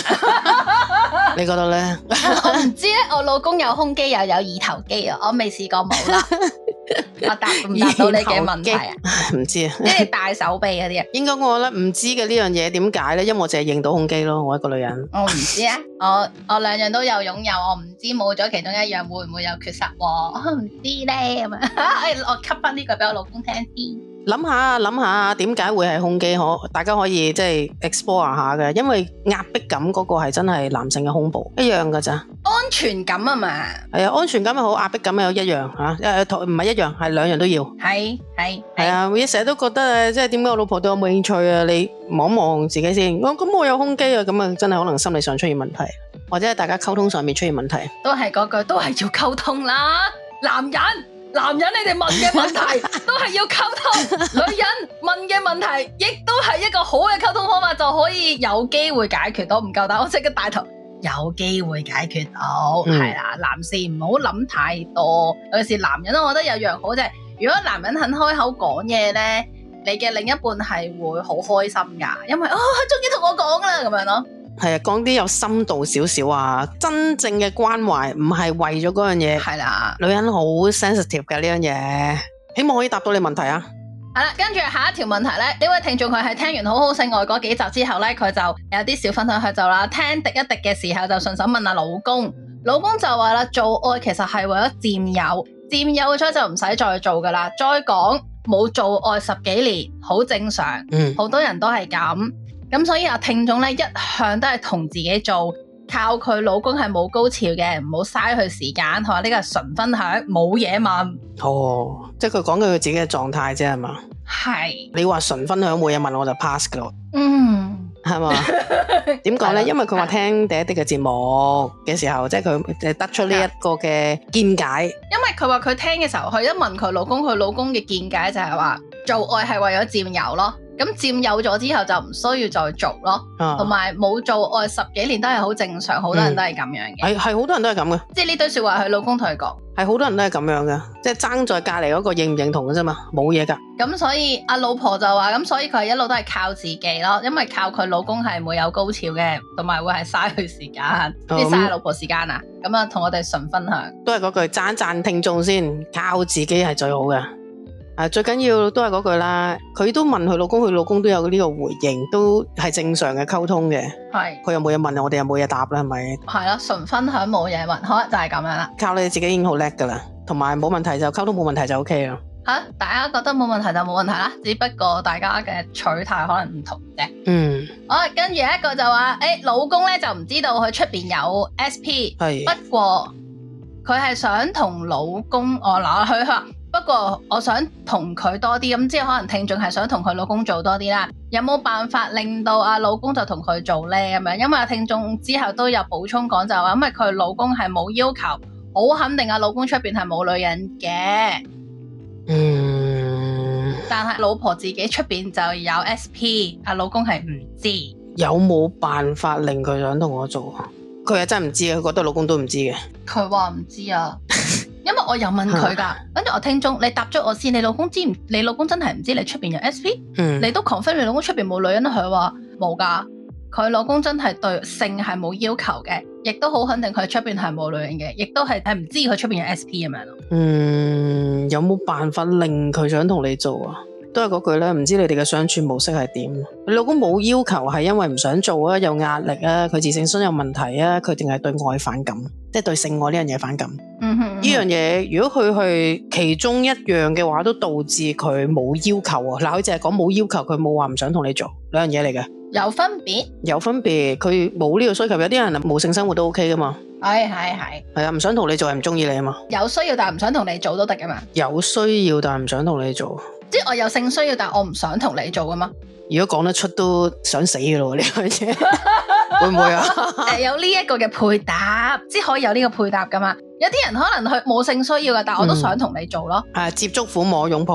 Speaker 2: 誒，你覺得咧？我唔
Speaker 1: 知咧，我老公有胸肌又有二頭肌啊，我未試過冇啦。我、 啊、答唔答到你嘅問題啊？
Speaker 2: 唔知啊，因為大手臂嗰啲啊，應該我覺得唔知嘅呢樣嘢點解咧？因為我淨係認到胸肌咯，我一個女人。 我唔
Speaker 1: 知啊，我我兩樣都有擁有，我唔知冇咗其中一樣會唔會有缺失喎？唔知咧咁啊！我， 我吸翻呢個俾我老公聽先。
Speaker 2: 諗下諗下，點解會係胸肌可？大家可以即係 explore 下嘅，因為壓迫感嗰個係真係男性嘅胸部，一樣噶咋？
Speaker 1: 安全感啊嘛，
Speaker 2: 係啊，安全感又好，壓迫感又一樣吓，誒同唔係一樣，係兩樣都要，
Speaker 1: 係係
Speaker 2: 係啊，我成日都覺得啊，即係點解我老婆對我冇興趣啊？你望一望自己先，我咁我有胸肌啊，咁啊真係可能心理上出現問題，或者係大家溝通上面出現問題，
Speaker 1: 都係嗰句，都係要溝通啦，男人。男人你哋問嘅問題都係要溝通，女人問嘅問題亦都係一個好嘅溝通方法，就可以有機會解決到唔夠膽，但係我識嘅大頭有機會解決到係啦。男士唔好諗太多，有時男人咯，我覺得有樣好就係如果男人肯開口講嘢咧，你嘅另一半係會好開心噶，因為哦，佢終於同我講啦
Speaker 2: 咁樣咯。係啊，講啲有深度少少啊，真正嘅關懷唔係為咗嗰樣嘢。係啦的，女人好 sensitive 嘅呢樣嘢，希望可以答到你問題啊。
Speaker 1: 係啦，跟住下一條問題咧，呢位聽眾佢係聽完好好性愛嗰幾集之後咧，佢就有啲小分享佢就啦。聽滴一滴嘅時候就順手問下老公，老公就話啦，做愛其實係為咗佔有，佔有咗就唔使再做噶啦。再講冇做愛十幾年，好正常，嗯，好多人都係咁。咁、嗯、所以阿聽眾咧一向都係同自己做，靠佢老公係冇高潮嘅，唔好嘥佢時間。吓，呢個係純分享，冇嘢問。
Speaker 2: 哦，即係佢講緊佢自己嘅狀態啫，係嘛？係是。你話純分享冇嘢問，我就 pass 㗎咯。嗯，係嘛吧？
Speaker 1: 點講咧？ 因為佢話聽
Speaker 2: 廸一廸嘅節目嘅時候，是即係佢誒得出呢一個嘅見解。
Speaker 1: 因為佢話佢聽嘅時候，佢一問佢老公，佢老公嘅見解就係話做愛係為咗佔有咯。咁佔有咗之後就唔需要再做咯，同埋冇做愛十幾年都係好正常，好多人都係咁樣嘅。係係
Speaker 2: 好多人都係咁嘅，
Speaker 1: 即係呢堆説話佢
Speaker 2: 老公同佢講，係好多人都係咁樣嘅，即係爭在隔離嗰個認唔認同嘅啫嘛，冇嘢㗎。咁、
Speaker 1: 嗯、所以阿老婆就話，咁所以佢一路都係靠自己咯，因為靠佢老公係冇有高潮嘅，同埋會係嘥佢時間，啲嘥、嗯、老婆時間啊。咁啊，同我哋純分享，
Speaker 2: 都係嗰句爭爭聽眾先，靠自己係最好嘅。啊，最緊要都係嗰句啦。佢都問佢老公，佢老公都有呢個回應，都係正常嘅溝通嘅。係，佢又冇嘢問，我哋又冇嘢答啦，係咪？
Speaker 1: 係咯，純分享冇嘢問，好就係咁樣啦。
Speaker 2: 靠你自己已經好叻噶啦，同埋冇問題就溝通冇問題就 OK 咯。
Speaker 1: 吓，啊，大家覺得冇問題就冇問題啦，只不過大家嘅取態可能唔同啫。
Speaker 2: 嗯。
Speaker 1: 好，跟住一個就話，誒，老公咧就唔知道佢出邊有 SP，不過佢係想同老公，我嗱佢話。不過我想同佢多啲咁，之後可能聽眾係想同佢老公做多啲啦。有冇辦法令到阿老公就同佢做呢？咁樣，因為聽眾之後都有補充講就話，因為佢老公係冇要求，好肯定阿老公出邊係冇女人嘅。
Speaker 3: 嗯，
Speaker 1: 但係老婆自己出邊就有 SP，阿老公係唔知。
Speaker 2: 有冇辦法令佢想同我做？佢係真唔知嘅，佢覺得老公都唔知嘅。
Speaker 1: 佢話唔知啊。咁啊！因為我又問佢噶，跟住、啊、我聽中，你答咗我先。你老公知唔？你老公真係唔知你出邊有、SP? S P，、嗯、你都 confirm。你老公出邊冇女人，佢話冇噶。佢老公真係對性係冇要求嘅，亦都好肯定佢出邊係冇女人嘅，亦都係係唔知佢出邊有 SP, 是是 S P 咁樣咯。嗯，
Speaker 2: 有冇辦法令佢想同你做啊？都係嗰句咧，唔知你哋嘅相處模式係點？你老公冇要求係因為唔想做啊，有壓力啊，佢自信心有問題啊，佢定係對外反感？即係對性愛呢樣嘢反感、嗯哼，呢樣嘢如果佢係其中一樣嘅話，都導致佢冇要求啊。嗱，佢淨係講冇要求，佢冇話唔想同你做，兩樣嘢嚟嘅。
Speaker 1: 有分別，
Speaker 2: 有分別，佢冇呢個需求。有啲人冇性生活都 OK 噶嘛。
Speaker 1: 係係係，
Speaker 2: 係啊，唔想同你做係唔中意你啊嘛。
Speaker 1: 有需要但係唔想同你做都得噶嘛。
Speaker 2: 有需要但係唔想同你做，
Speaker 1: 即係我有性需要，但我唔想同你做噶嘛。
Speaker 2: 如果講得出都想死嘅咯，呢樣嘢會唔
Speaker 1: 會啊？誒 有呢一個嘅配搭，先可以有呢個配搭噶嘛。有啲人可能佢冇性需要嘅，但我都想同你做咯。
Speaker 2: 誒、嗯、接觸撫摸擁抱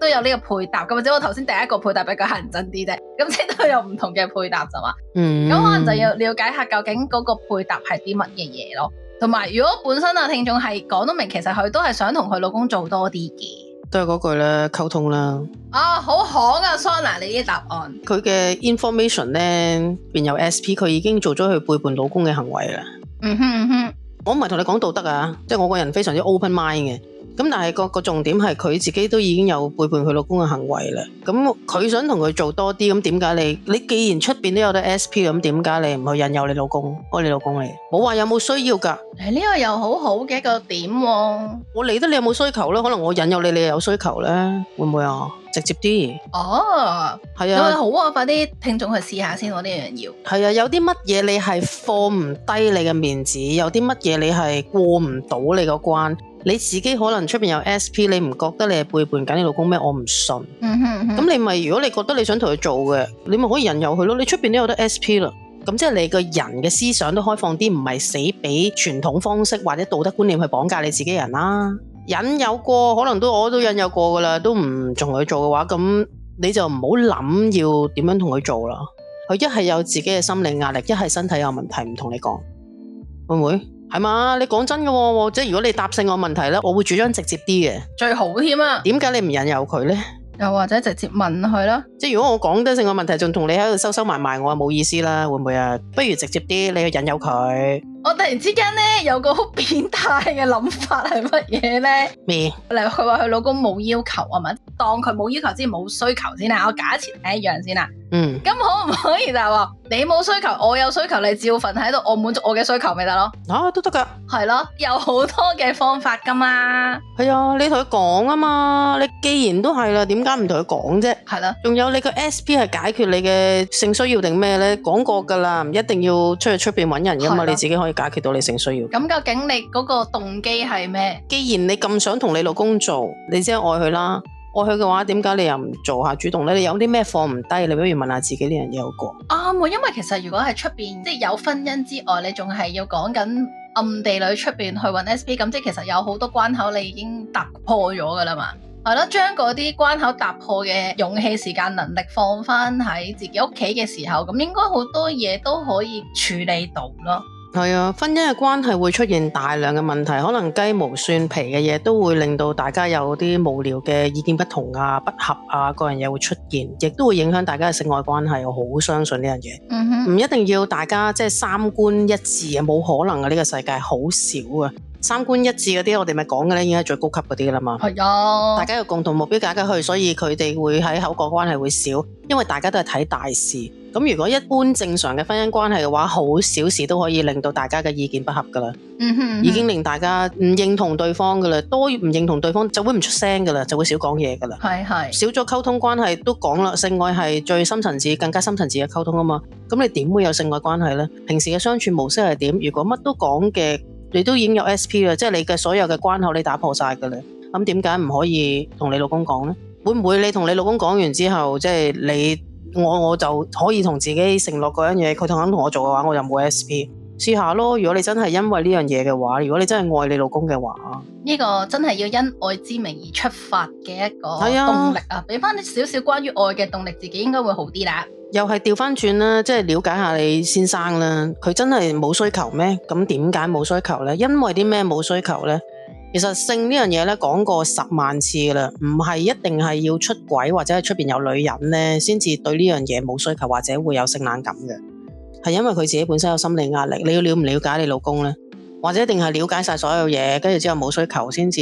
Speaker 1: 都有呢個配搭噶，或者我過頭先第一個配搭比較認真啲啫。咁之都有唔同嘅配搭就話，咁、嗯、可能就要了解下究竟嗰個配搭係啲乜嘅嘢咯。同埋如果本身啊聽眾係講得明，其實佢都係想同佢老公做多啲嘅。
Speaker 2: 都係嗰句咧，溝通啦。
Speaker 1: 啊，好狠啊，Sona 你啲答案。
Speaker 2: 佢嘅 information 咧，便有 S P 佢已經做咗去背叛老公嘅行為啦。嗯哼嗯哼，hmm. 我唔係同你講道德啊，即係我個人非常之 open mind 嘅。咁但係個重點係佢自己都已經有背叛佢老公嘅行為啦。咁佢想同佢做多啲，咁點解你你既然出邊都有得 SP，咁點解你唔去引誘你老公？哦，你老公嚟，冇話有冇需要噶。
Speaker 1: 誒呢個又好好嘅一個點。
Speaker 2: 我理得你有冇需求咧，可能我引誘你，你又有需求咧，會唔會啊？直接啲。
Speaker 1: 哦，係啊。好啊，快啲聽眾去試下先，我呢樣要。
Speaker 2: 係啊，有啲乜嘢你係放唔低你嘅面子，有啲乜嘢你係過唔到你個關。你自己可能出邊有 SP，你唔覺得你係背叛緊你老公咩？我唔信。咁、嗯嗯、你咪如果你覺得你想同佢做嘅，你咪可以引誘佢咯。你出邊都有得 SP 啦。咁即係你個人嘅思想都開放啲，唔係死俾傳統方式或者道德觀念去綁架你自己人啦。引誘過，可能都我都引誘過噶啦，都唔同佢做嘅話，咁你就唔好諗要點樣同佢做啦。佢一係有自己嘅心理壓力，一係身體有問題，唔同你講會唔會？係咪？你講真嘅，哦，即如果你答性愛問題咧，我會主張直接啲嘅，最好添啊！點解你唔引誘佢呢？又或者直接問佢囉？即如果我講得性愛問題，仲同你喺度收收埋埋，我係冇意思啦，會唔會啊？不如直接啲，你去引誘佢。
Speaker 1: 我突然之間咧有個好變態嘅諗法係乜嘢咧？咪嗱佢話佢老公冇要求係咪？當佢冇要求之前冇需求先啊！我假設係一樣先啊。嗯、mm.，咁可唔可以就係話你冇需求，我有需求，你照瞓喺度，我滿足我嘅需求咪得咯？啊，都得噶。係咯，有
Speaker 2: 好多嘅方法噶嘛。係啊，你同佢講啊嘛。你既然都係啦，點解唔同佢講啫？係啦、啊，仲有你個 SP 係解決你嘅性需要定咩咧？講過噶啦，唔一定要出去出邊揾人噶嘛，的嘛你自己可以。解決到你性需要。咁、
Speaker 1: 嗯、究竟你嗰個動機係咩？既然
Speaker 2: 你咁想同你老公做，你即係愛佢啦。愛佢嘅話，點解你又唔做下主動咧？你有啲咩放唔低？你不如問下自己呢樣嘢好過。
Speaker 1: 啱啊，因為其實如果喺出邊，即係有婚姻之外，你仲係要講緊暗地裏出邊去揾 SP，咁即係其實有好多關口你已經突破咗噶啦嘛。係咯，將嗰啲關口突破嘅勇氣、時間、能力放翻喺自己屋企嘅時候，咁應該好多嘢都可以處理到咯。
Speaker 2: 係啊，婚姻嘅關係會出現大量嘅問題，可能雞毛蒜皮嘅嘢都會令到大家有啲無聊嘅意見不同啊、不合啊，各樣嘢會出現，亦都會影響大家嘅性愛關係。我好相信呢樣嘢，唔、嗯哼，一定要大家即係三觀一致啊，冇可能嘅呢個世界好少啊。三觀一致嗰啲，我哋咪講嘅咧，已經係最高級嗰啲啦嘛。係啊呀，大家有共同目標，夾得去，所以佢哋會喺口角關係會少，因為大家都係睇大事。咁如果一般正常嘅婚姻關係嘅話，好小事都可以令到大家嘅意見不合噶啦。嗯哼嗯
Speaker 3: 哼，已經
Speaker 2: 令大家唔認同對方噶啦，多唔認同對方就會唔出聲噶啦，就會少講嘢噶啦。係係是，少咗溝通關係都講啦，性愛係最深層次、更加深層次嘅溝通啊嘛。咁你點會有性愛關係呢？平時嘅相處模式係點？如果乜都講嘅。你都已經有 SP 啦，即係你嘅所有嘅關口你打破晒㗎啦。咁點解唔可以同你老公講呢？會唔會你同你老公講完之後，即係你我我就可以同自己承諾嗰樣嘢，佢同肯同我做嘅話，我就冇 SP。試下咯，如果你真係因為呢樣嘢嘅話，如果你真係愛你老公嘅話，
Speaker 1: 呢個真係要因愛之名而出發嘅一個動力啊！俾翻啲少少關於愛嘅動力，自己應該會好啲啦。
Speaker 2: 又係調翻轉啦，即係了解下你先生啦，佢真係冇需求咩？咁點解冇需求咧？因為啲咩冇需求咧？其實性呢樣嘢咧講過十萬次啦，唔係一定係要出軌或者係出邊有女人咧，先至對呢樣嘢冇需求或者會有性冷感嘅。係因為佢自己本身有心理壓力，你要了唔了解你老公呢，或者一定係了解晒所有嘢，跟住之後冇需求先至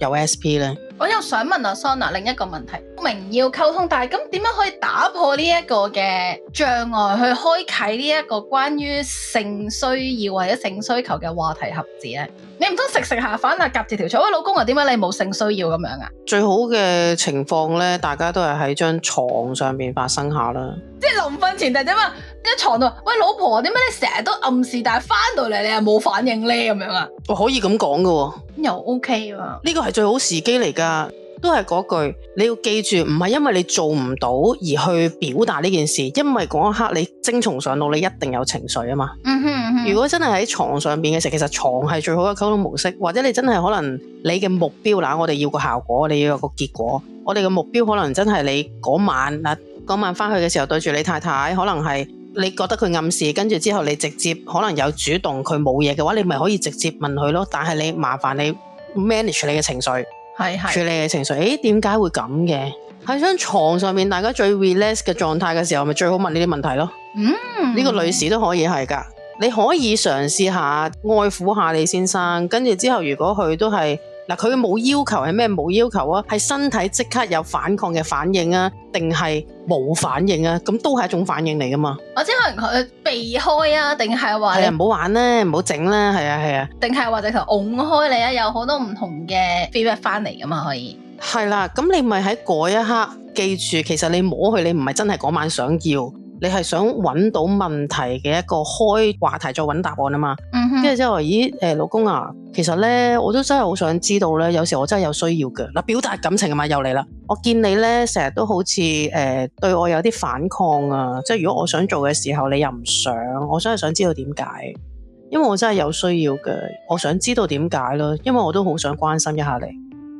Speaker 2: 有 SP 呢。
Speaker 1: 我又想問阿 Sona 另一個問題，明要溝通，但係咁點樣可以打破呢一個嘅障礙，去開啟呢一個關於性需要或者性需求嘅話題盒子咧？你唔通食食下飯啊，夾住條菜，喂老公啊？點解你冇性需要咁樣啊？
Speaker 2: 最好嘅情況咧，大家都係喺張床上邊發生下啦。
Speaker 1: 即係臨瞓前就點啊？喺床度喂老婆，點解你成日都暗示，但係翻到嚟你又冇反應咧？咁樣啊？
Speaker 2: 我可以咁講噶。
Speaker 1: 又
Speaker 2: OK 啊！呢個係最好時機嚟噶，都係嗰句，你要記住，唔係因為你做唔到而去表達呢件事，因為嗰一刻你精蟲上腦，你一定有情緒啊嘛，嗯。嗯哼，如果真係喺床上邊嘅時候，其實床係最好嘅溝通模式，或者你真係可能你嘅目標嗱，我哋要個效果，你要有個結果，我哋嘅目標可能真係你嗰晚嗱，嗰晚翻去嘅時候對住你太太，可能係。你覺得佢暗示，跟住之後你直接可能有主動。佢冇嘢嘅話，你咪可以直接問佢咯。但係你麻煩你 manage 你嘅情緒，係係處理你嘅情緒。誒點解會咁嘅？喺張床上面大家最 relax 嘅狀態嘅時候，咪最好問呢啲問題咯。嗯、mm，hmm，呢個女士都可以係噶。你可以嘗試下愛撫下你先生，跟住之後如果佢都係。佢冇要求係咩冇要求啊？係身體即刻有反抗嘅反應啊？定係冇反應啊？咁都係一種反應嚟噶嘛？
Speaker 1: 或者可能佢避開啊？定係話你唔
Speaker 2: 好玩咧，唔好整咧？係啊係啊？
Speaker 1: 定係話直頭拱開你啊？有好多唔同嘅 feedback 翻嚟噶嘛。可以
Speaker 2: 係啦。咁、啊、你咪喺嗰一刻記住，其實你摸佢，你唔係真係嗰晚想要。你係想搵到問題嘅一個開話題，再搵答案啊嘛。跟住之後，咦？誒、欸，老公啊，其實咧，我都真係好想知道咧。有時我真係有需要嘅，嗱，表達感情啊嘛，又嚟啦。我見你咧，成日都好似誒、呃、對我有啲反抗啊。即係如果我想做嘅時候，你又唔想，我真係想知道點解？因為我真係有需要嘅，我想知道點解咯。因為我都好想關心一下你。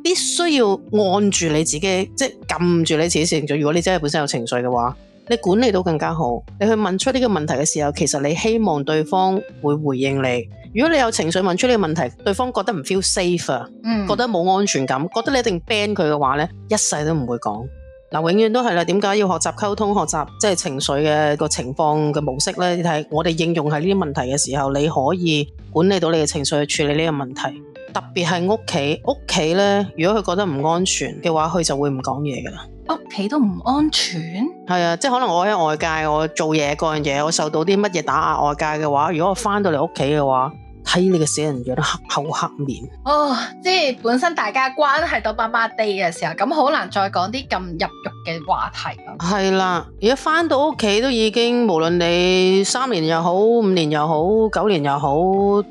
Speaker 2: 必須要按住你自己，即係撳住你自己情緒。如果你真係本身有情緒嘅話。你管理到更加好，你去問出呢個問題嘅時候，其實你希望對方會回應你。如果你有情緒問出呢個問題，對方覺得唔 feel safe 啊、嗯，覺得冇安全感，覺得你一定 ban 佢嘅話咧，一世都唔會講。嗱、啊，永遠都係啦。點解要學習溝通、學習即係情緒嘅個情況嘅模式咧？你睇，我哋應用喺呢啲問題嘅時候，你可以管理到你嘅情緒去處理呢個問題。特別係屋企，屋企咧，如果佢覺得唔安全嘅話，佢就會唔講嘢噶啦。
Speaker 1: 屋企都唔安全，
Speaker 2: 係啊，即係可能我喺外界我做嘢嗰樣嘢，我受到啲乜嘢打壓，外界嘅話，如果我翻到嚟屋企嘅話，睇你個死人樣得黑口黑面，
Speaker 1: 哦，即係本身大家關係都麻麻地嘅時候，咁好難再講啲咁入肉嘅話題。
Speaker 2: 係啦，而家翻到屋企都已經，無論你三年又好，五年又好，九年又好，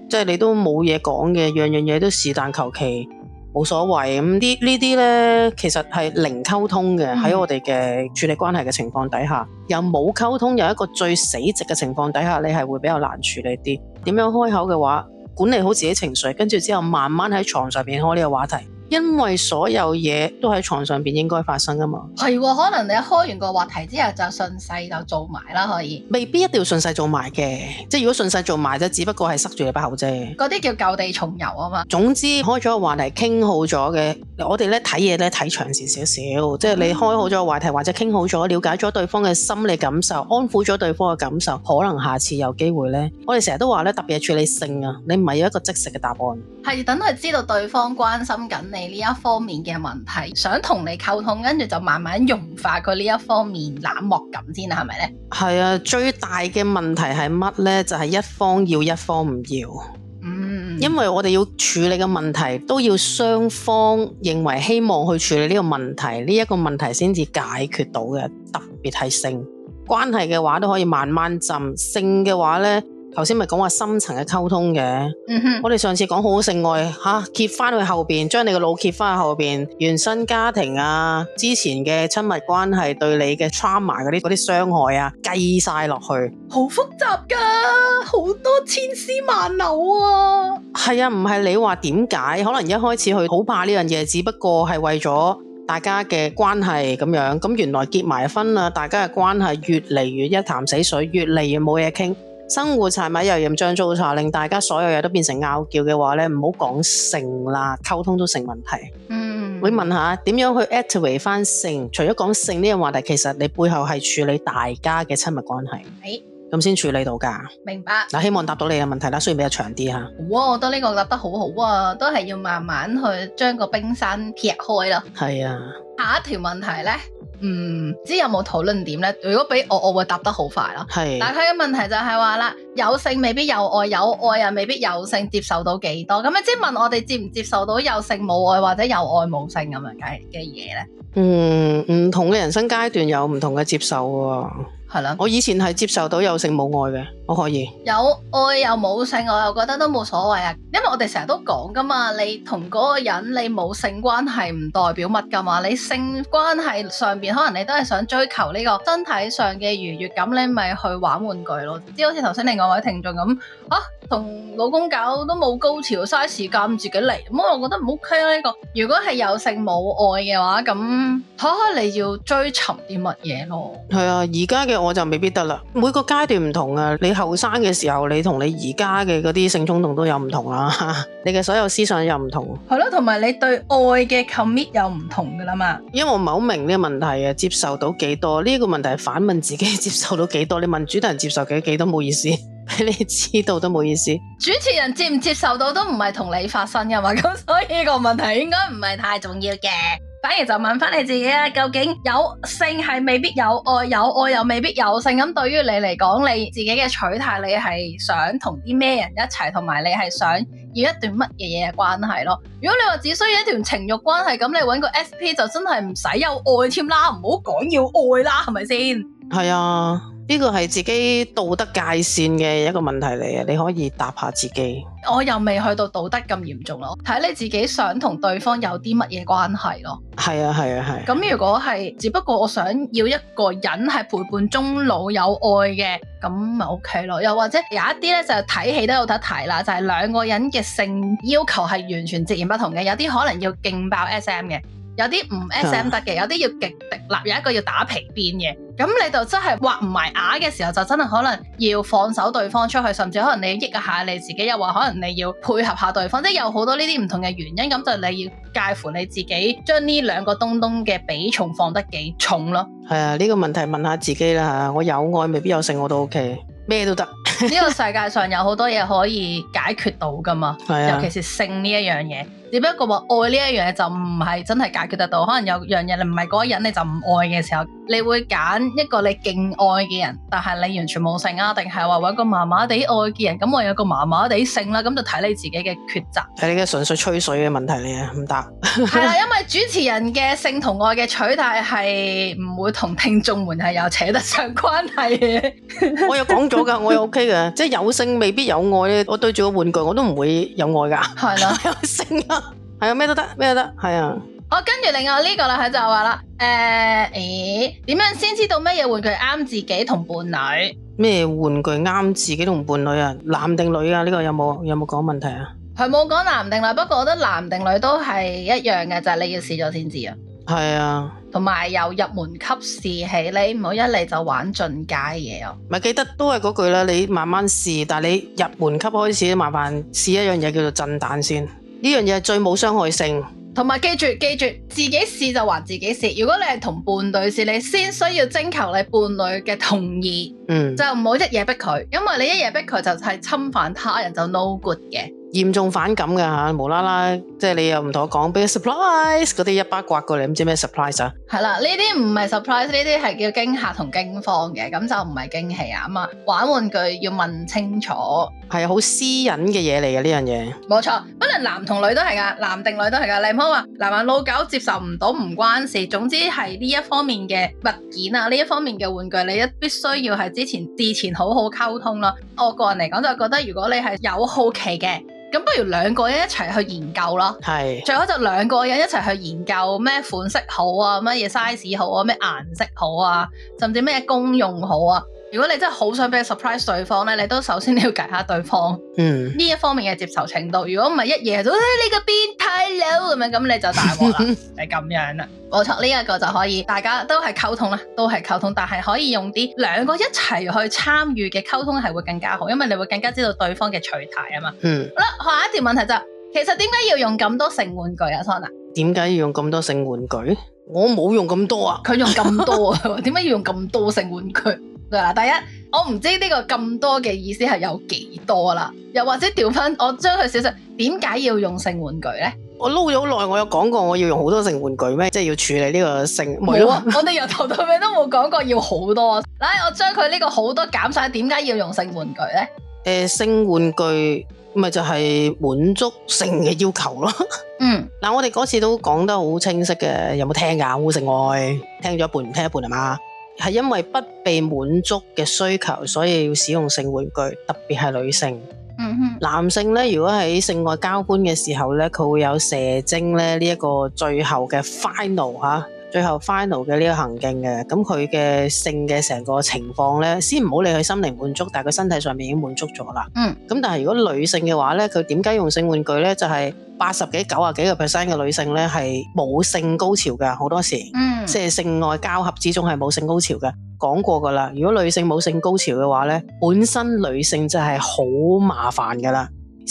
Speaker 2: 即係你都冇嘢講嘅，樣樣嘢都是但求其。冇所謂咁啲，呢，其實係零溝通嘅。喺、嗯、我哋嘅處理關係嘅情況底下，又冇溝通，又一個最死寂嘅情況底下，你係會比較難處理啲。點樣開口嘅話，管理好自己情緒，跟住之後慢慢喺床上面開呢個話題。因為所有嘢都喺床上邊應該發生噶嘛，係
Speaker 1: 喎、哦，可能你開完個話題之後就順勢就做埋啦，可以？
Speaker 2: 未必一定要順勢做埋嘅，即係如果順勢做埋就只不過係塞住你把口啫。
Speaker 1: 嗰啲叫舊地重遊啊嘛。
Speaker 2: 總之開咗個話題傾好咗嘅，我哋咧睇嘢咧睇長時少少，即係你開好咗個話題或者傾好咗，了解咗對方嘅心理感受，安撫咗對方嘅感受，可能下次有機會呢。我哋成日都話咧，特別係處理性啊，你唔係有一個即食嘅答案，
Speaker 1: 係等佢知道對方關心緊你。呢一方面嘅問題，想同你溝通，跟住就慢慢融化佢呢一方面冷漠感先啦，係咪咧？
Speaker 2: 係啊，最大嘅問題係乜咧？就係一方要，一方唔要。嗯，因為我哋要處理嘅問題，都要雙方認為希望去處理呢個問題，呢一個問題先至解決到嘅。特別係性關係嘅話，都可以慢慢浸性嘅話咧。頭先咪講話深層嘅溝通嘅，嗯、哼我哋上次講好好性愛嚇、啊，揭翻去後邊，將你個腦揭翻去後邊，原生家庭啊，之前嘅親密關係對你嘅 trauma 嗰啲嗰啲傷害啊，計晒落去，
Speaker 1: 好複雜㗎，好多千絲萬縷啊。
Speaker 2: 係啊，唔係你話點解？可能一開始佢好怕呢樣嘢，只不過係為咗大家嘅關係咁樣。咁原來結埋婚啊，大家嘅關係越嚟越一潭死水，越嚟越冇嘢傾。生活柴米油鹽醬醋茶令大家所有嘢都變成拗撬嘅話咧，唔好講性啦，溝通都成問題。嗯，
Speaker 3: 會問
Speaker 2: 下點樣去 activate 翻性？除咗講性呢樣話題，其實你背後係處理大家嘅親密關係。係。咁先處理到噶
Speaker 1: 明白。嗱，希望答到
Speaker 2: 你嘅問題啦，雖然比較長啲吓。
Speaker 1: 哇，我覺得呢個答得好好啊，都係要慢慢去將個冰山劈開啦。
Speaker 2: 係啊，
Speaker 1: 下一條問題咧，唔、嗯、知有冇討論點咧？如果俾我，我會答得好快咯。係是。大家嘅問題就係話啦，有性未必有愛，有愛又未必有性，接受到幾多？咁你即係問我哋接唔接受到有性冇愛，或者有愛冇性咁樣嘅嘢咧？
Speaker 2: 嗯，唔同嘅人生階段有唔同嘅接受啊。係啦，我以前係接受到有性冇愛嘅，我可以
Speaker 1: 有愛又冇性，我又覺得都冇所謂啊。因為我哋成日都講噶嘛，你同嗰個人你冇性關係唔代表乜噶嘛，你性關係上邊可能你都係想追求呢個身體上嘅愉悅感，你咪去玩玩具咯。即係好似頭先另外一位聽眾咁，啊，同老公搞都冇高潮，嘥時間自己嚟，咁我覺得唔 ok 啊呢個。如果係有性冇愛嘅話，咁睇下你要追尋啲乜嘢咯。
Speaker 2: 係啊，而家嘅。我就未必得啦，每個階段唔同啊！你後生嘅時候，你同你而家嘅嗰啲性衝動都有唔同啦， 你嘅所有思想有唔同。
Speaker 1: 係咯，同埋你對愛嘅 commit 有唔同噶啦嘛。
Speaker 2: 因為我唔係好明呢個問題啊，接受到幾多？呢個問題係反問自己接受到幾多？你問主持人接受幾幾多冇意思，俾你知道都冇意思。
Speaker 1: 主持人接唔接受到都唔係同你發生噶嘛，咁 所以呢個問題應該唔係太重要嘅。反而就問翻你自己啊，究竟有性係未必有愛，有愛又未必有性。咁對於你嚟講，你自己嘅取態，你係想同啲咩人一齊，同埋你係想要一段乜嘢嘢嘅關係咯？如果你話只需要一段情欲關係，咁你揾個 SP 就真係唔使有愛添啦，唔好講要愛啦，係咪先？
Speaker 2: 係啊。呢個係自己道德界線嘅一個問題嚟啊！你可以答下自己。
Speaker 1: 我又未去到道德咁嚴重咯，睇你自己想同對方有啲乜嘢關係咯。
Speaker 2: 係啊，係啊，係啊。咁
Speaker 1: 如果係，只不過我想要一個人係陪伴終老有愛嘅，咁咪 OK 咯。又或者有一啲咧就睇戲都有得睇啦，就係兩個人嘅性要求係完全截然不同嘅，有啲可能要勁爆 SM 嘅。有啲唔 SM 得嘅，有啲要極力立，有一個要打皮鞭嘅，咁你就真係畫唔埋牙嘅時候，就真係可能要放手對方出去，甚至可能你要益下你自己，又話可能你要配合下對方，即係有好多呢啲唔同嘅原因，咁就你要介乎你自己將呢兩個東東嘅比重放得幾重
Speaker 2: 咯。係啊，呢、呢個問題問下自己啦嚇，我有愛未必有性，我都 OK，
Speaker 1: 咩都得。呢 個世界上有好多嘢可以解決到㗎嘛，啊、尤其是性呢一樣嘢。只不過話愛呢一樣嘢，就唔係真係解決得到，可能有樣嘢你唔係嗰個人你就唔愛嘅時候，你會揀一個你勁愛嘅人，但係你完全冇性啊？定係話搵個麻麻地愛嘅人，咁我有個麻麻地性啦，咁就睇你自己嘅抉擇。
Speaker 2: 係你嘅純粹吹水嘅問題嚟嘅，唔答。
Speaker 1: 係 啦，因為主持人嘅性同愛嘅取態係唔會同聽眾們係有扯得上關係嘅 。
Speaker 2: 我有講咗噶，我又 OK 嘅，即係有性未必有愛咧。我對住個玩具我都唔會有愛噶，係啦的，有性啊。係啊，咩都得，咩都得，係啊。
Speaker 1: 我跟住另外呢個啦，佢就話啦，誒、呃，咦，點樣先知道咩嘢玩具啱自己同伴侶？
Speaker 2: 咩玩具啱自己同伴侶啊？男定女啊？呢個有冇有冇講問題啊？
Speaker 1: 佢冇講男定女，不過我覺得男定女都係一樣嘅，就係你要試咗先知啊。
Speaker 2: 係啊，
Speaker 1: 同埋由入門級試起，你唔好一嚟就玩進階嘢
Speaker 2: 哦。咪記得都係嗰句啦，你慢慢試，但係你入門級開始，麻煩試一樣嘢叫做震蛋先。呢樣嘢最冇傷害性，
Speaker 1: 同埋記住記住自己試就話自己試。如果你係同伴侶試，你先需要徵求你伴侶嘅同意，嗯、就唔好一夜逼佢。因為你一夜逼佢就係、是、侵犯他人，就是、no good 嘅。
Speaker 2: 嚴重反感㗎嚇，無啦啦即係你又唔同我講俾 surprise，嗰啲一巴刮過嚟，唔知咩 surprise 啊？
Speaker 1: 係啦，呢啲唔係 surprise，呢啲係叫驚嚇同驚慌嘅，咁就唔係驚喜啊嘛。玩，玩玩具要問
Speaker 2: 清楚。係好私隱嘅嘢嚟嘅呢樣嘢。
Speaker 1: 冇錯，不論男同女都係㗎，男定女都係㗎。你唔好話男人老狗接受唔到，唔關事，總之係呢一方面嘅物件啊，呢一方面嘅玩具，你一必須要係之前事前好好溝通咯。我個人嚟講就覺得，如果你係有好奇嘅，咁不如兩個人一齊去研究咯。係是，最好就兩個人一齊去研究咩款式好啊，乜嘢 size 好啊，咩顏色好啊，甚至咩功用好啊。如果你真係好想俾 surprise 對方咧，你都首先你要解下對方呢、嗯、一方面嘅接受程度。如果唔係一夜到、哎，你個變態佬咁樣，咁你就大鑊啦。係咁 樣啦，冇錯。呢、這、一個就可以大家都係溝通啦，都係溝通，但係可以用啲兩個一齊去參與嘅溝通係會更加好，因為你會更加知道對方嘅取態啊嘛。嗯。嗱，下一條問題就是、其實點解要用咁多性玩具啊 Sona
Speaker 2: 點解要用咁多性玩具？我冇用咁多啊。佢 用咁
Speaker 1: 多啊？點解要用咁多性玩具？第一，我唔知呢個咁多嘅意思係有幾多啦，又或者調翻我將佢少少，點解要用性玩具呢？
Speaker 2: 我撈咗好耐，我有講過我要用好多性玩具咩？即係要處理呢個性冇
Speaker 1: 啊！我哋由頭到尾都冇講過要好多。嗱， 我將佢呢個好多減晒，點解要用性玩具呢？
Speaker 2: 誒、欸，性玩具咪就係、是、滿足性嘅要求咯。 嗯，嗱，我哋嗰次都講得好清晰嘅，有冇聽噶？好好性愛聽咗一半，唔聽一半係嘛？係因為不被滿足嘅需求，所以要使用性玩具，特別係女性。嗯哼，男性咧，如果喺性愛交歡嘅時候咧，佢會有射精咧呢一個最後嘅 final 吓、啊，最後 final 嘅呢個行徑嘅。咁佢嘅性嘅成個情況咧，先唔好理佢心靈滿足，但係佢身體上面已經滿足咗啦。嗯，咁但係如果女性嘅話咧，佢點解用性玩具咧，就係、是。八十幾九啊幾個 percent 嘅女性咧係冇性高潮嘅，好多時即係、嗯、性愛交合之中係冇性高潮嘅。講過噶啦，如果女性冇性高潮嘅話咧，本身女性就係好麻煩噶啦，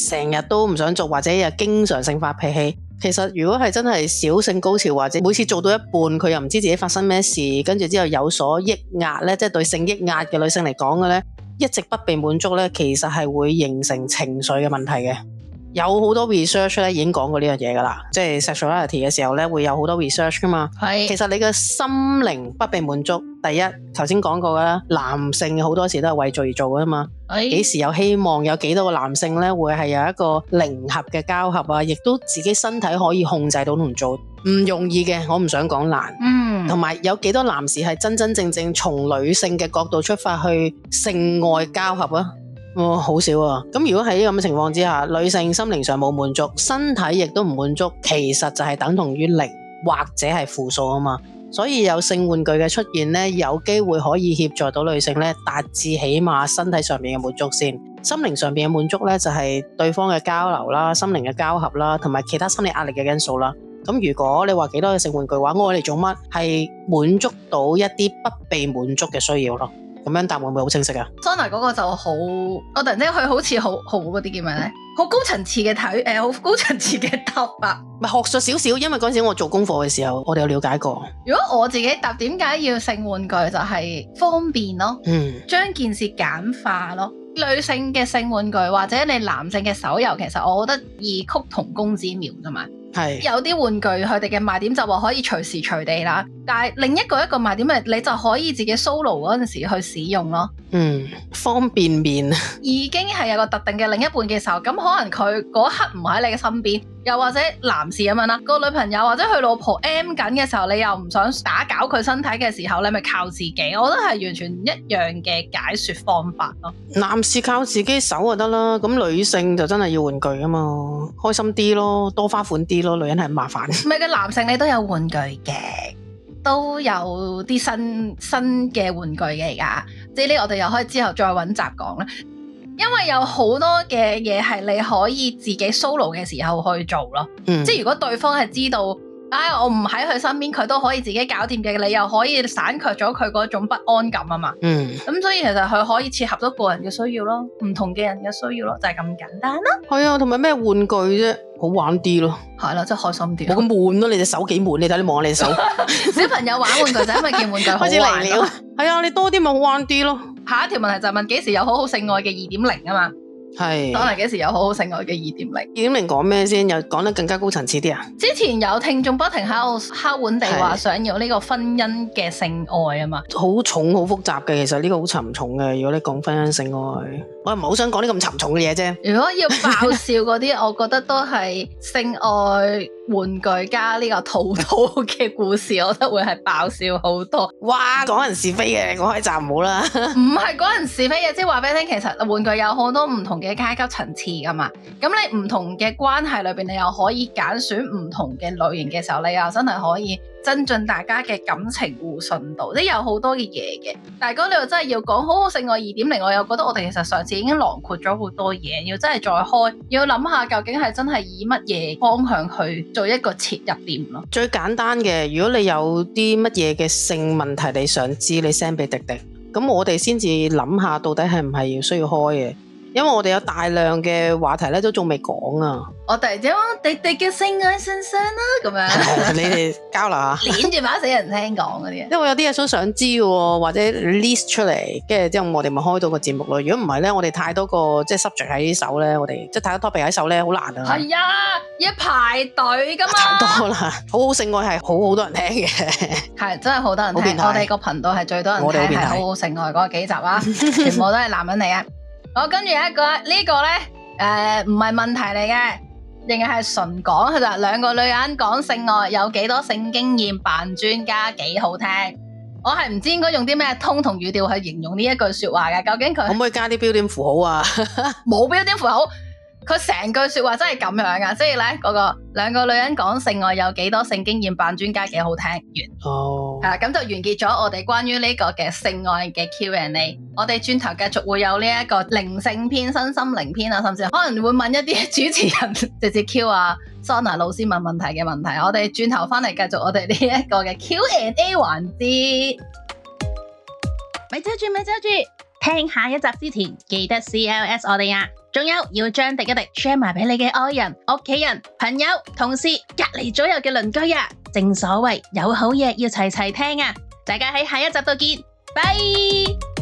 Speaker 2: 成日都唔想做或者又經常性發脾氣。其實如果係真係少性高潮或者每次做到一半佢又唔知自己發生咩事，跟住之後有所抑壓咧，即係對性抑壓嘅女性嚟講咧，一直不被滿足咧，其實係會形成情緒嘅問題嘅。有好多 research 咧已經講過呢樣嘢噶啦，即係 sexuality 嘅時候咧，會有好多 research 噶嘛。係是，其實你嘅心靈不被滿足，第一頭先講過啦。男性好多時都係為做而做啊嘛。係是，幾時有希望有幾多個男性咧會係有一個靈合嘅交合啊？亦都自己身體可以控制到同做，唔容易嘅。我唔想講難。嗯。同埋有幾多男士係真真正正從女性嘅角度出發去性外交合啊？哦，好少啊！咁如果喺啲咁嘅情況之下，女性心靈上冇滿足，身體亦都唔滿足，其實就係等同於零或者係負數啊嘛。所以有性玩具嘅出現呢，有機會可以協助到女性呢達至起碼身體上面嘅滿足先，心靈上面嘅滿足呢就係對方嘅交流啦、心靈嘅交合啦，同埋其他心理壓力嘅因素啦。咁如果你話幾多嘅性玩具話，我嚟做乜？係滿足到一啲不被滿足嘅需要咯。咁樣答會唔會好清晰啊
Speaker 1: ？Sona 嗰個就好，我突然之間佢好似好好嗰啲叫咩咧？好高層次嘅睇，誒、呃，好高層次嘅答啊，
Speaker 2: 咪係學術少少，因為嗰陣時我做功課嘅時候，我哋有了解過。
Speaker 1: 如果我自己答，點解要性玩具就係方便咯，嗯，將件事簡化咯。女性嘅性玩具或者你男性嘅手遊，其實我覺得異曲同工之妙啫嘛。係有啲玩具，佢哋嘅賣點就話可以隨時隨地啦。但係另一個一個賣點係，你就可以自己 solo 嗰陣時去使用咯。嗯，
Speaker 2: 方便面
Speaker 1: 已經係有個特定嘅另一半嘅時候，咁可能佢嗰刻唔喺你嘅身邊。又或者男士咁樣啦，個女朋友或者佢老婆 M 緊嘅時候，你又唔想打攪佢身體嘅時候，你咪靠自己。我覺得係完全唔一樣嘅解說方法咯。
Speaker 2: 男士靠自己手就得啦，咁女性就真係要玩具啊嘛，開心啲咯，多花款啲咯，女人係麻煩。
Speaker 1: 唔係，個男性你都有玩具嘅，都有啲新新嘅玩具嘅而家。即係呢，我哋又可以之後再揾集講啦。因為有好多嘅嘢係你可以自己 solo 嘅時候去做咯，嗯，即係如果對方係知道。唉，我唔喺佢身邊，佢都可以自己搞掂嘅。你又可以省卻咗佢嗰種不安感啊嘛。嗯。咁所以其實佢可以切合到個人嘅需要咯，唔同嘅人嘅需要咯，就係、是、咁簡
Speaker 2: 單啦。係啊，同埋咩玩具啫，好玩啲咯。係咯、啊，即係開心啲。冇咁悶咯、啊，你隻手幾悶？你睇你望下你隻手。
Speaker 1: 小朋友玩玩，玩具就 因為見玩具好玩開始嚟了。係是啊，你多啲咪好玩啲咯。下一條問題就係問幾時有好好性愛嘅二點零啊嘛。
Speaker 2: 係，講嚟幾時有好好性愛嘅二點零？二點零講咩先？又講得更加高層次啲啊？
Speaker 1: 之前有聽眾不停喺度敲碗地話是，想要呢個婚姻嘅性
Speaker 2: 愛啊嘛，好重好複雜嘅，其實呢個好沉重嘅。如果你講婚姻性愛，嗯、我又唔係好想講啲咁沉重嘅嘢啫。
Speaker 1: 如果要爆笑嗰啲， 我覺得都係性愛。玩具加呢個套套嘅故事，我覺得會係爆笑好多。 哇，
Speaker 2: 講人是非嘅，我開閘唔好啦。
Speaker 1: 唔係講人是非嘅，即係話俾你聽，其實玩具有好多唔同嘅階級層次㗎嘛。咁你唔同嘅關係裏邊，你又可以揀選唔同嘅類型嘅時候，你又真係可以。增進大家嘅感情互信度，即有好多嘅嘢嘅。大哥，你又真係要講好好性愛二點零，我又覺得我哋其實上次已經囊括咗好多嘢，要真係再開，要諗下究竟係真係以乜嘢方向去
Speaker 2: 做一個切入點咯。最簡單嘅，如果你有啲乜嘢嘅性問題，你想知，你 send 俾迪迪，咁我哋先至諗下到底係唔係要需要開嘅。因為我哋有大量嘅話題咧，都仲未講啊！
Speaker 1: 我哋將廸廸嘅性愛先生啦，咁樣
Speaker 2: 你哋交流下、
Speaker 1: 啊，點 住把死人聽講嗰啲，因
Speaker 2: 為我有啲嘢想想知嘅，或者 list 出嚟，跟住之後我哋咪開到個節目咯。如果唔係咧，我哋太多個即係 subject 喺手咧，我哋即係太多 topic 喺手咧，好難啊！係
Speaker 1: 啊，一排隊㗎嘛！太多啦！
Speaker 2: 好好性愛係好好多人聽
Speaker 1: 嘅，係 真係好多人聽。我哋個頻道係最多人睇，係好，好好性愛嗰幾集啊， 全部都係男人嚟啊！ 我跟住有一個、這個、呢個咧，誒唔係問題嚟嘅，淨係純講佢就兩個女人講性愛有幾多性經驗，扮專家幾好聽。我係唔知應該用啲咩通同語調去形容呢一句說話嘅，究竟佢可唔可以
Speaker 2: 加啲標點符號啊？
Speaker 1: 冇 標點符號。佢成句說話真係咁樣啊！所以呢，嗰個兩個女人講性愛有幾多性經驗扮專家幾好聽完。哦，咁就完結咗我哋關於呢個嘅性愛嘅 Q&A。我哋轉頭繼續會有呢一個靈性篇、身心靈篇啊，甚至可能會問一啲主持人直接 Q 啊，Sona 老師問問題嘅問題。我哋轉頭返嚟繼續我哋呢一個嘅 Q&A 環節。咪遮住，咪遮住，聽下一集之前記得 CLS 我哋呀。仲有要將廸一廸 share 埋俾你嘅愛人、屋企人、朋友、同事、隔籬左右嘅鄰居啊！正所謂有好嘢要齊齊聽啊！大家喺下一集度見，拜。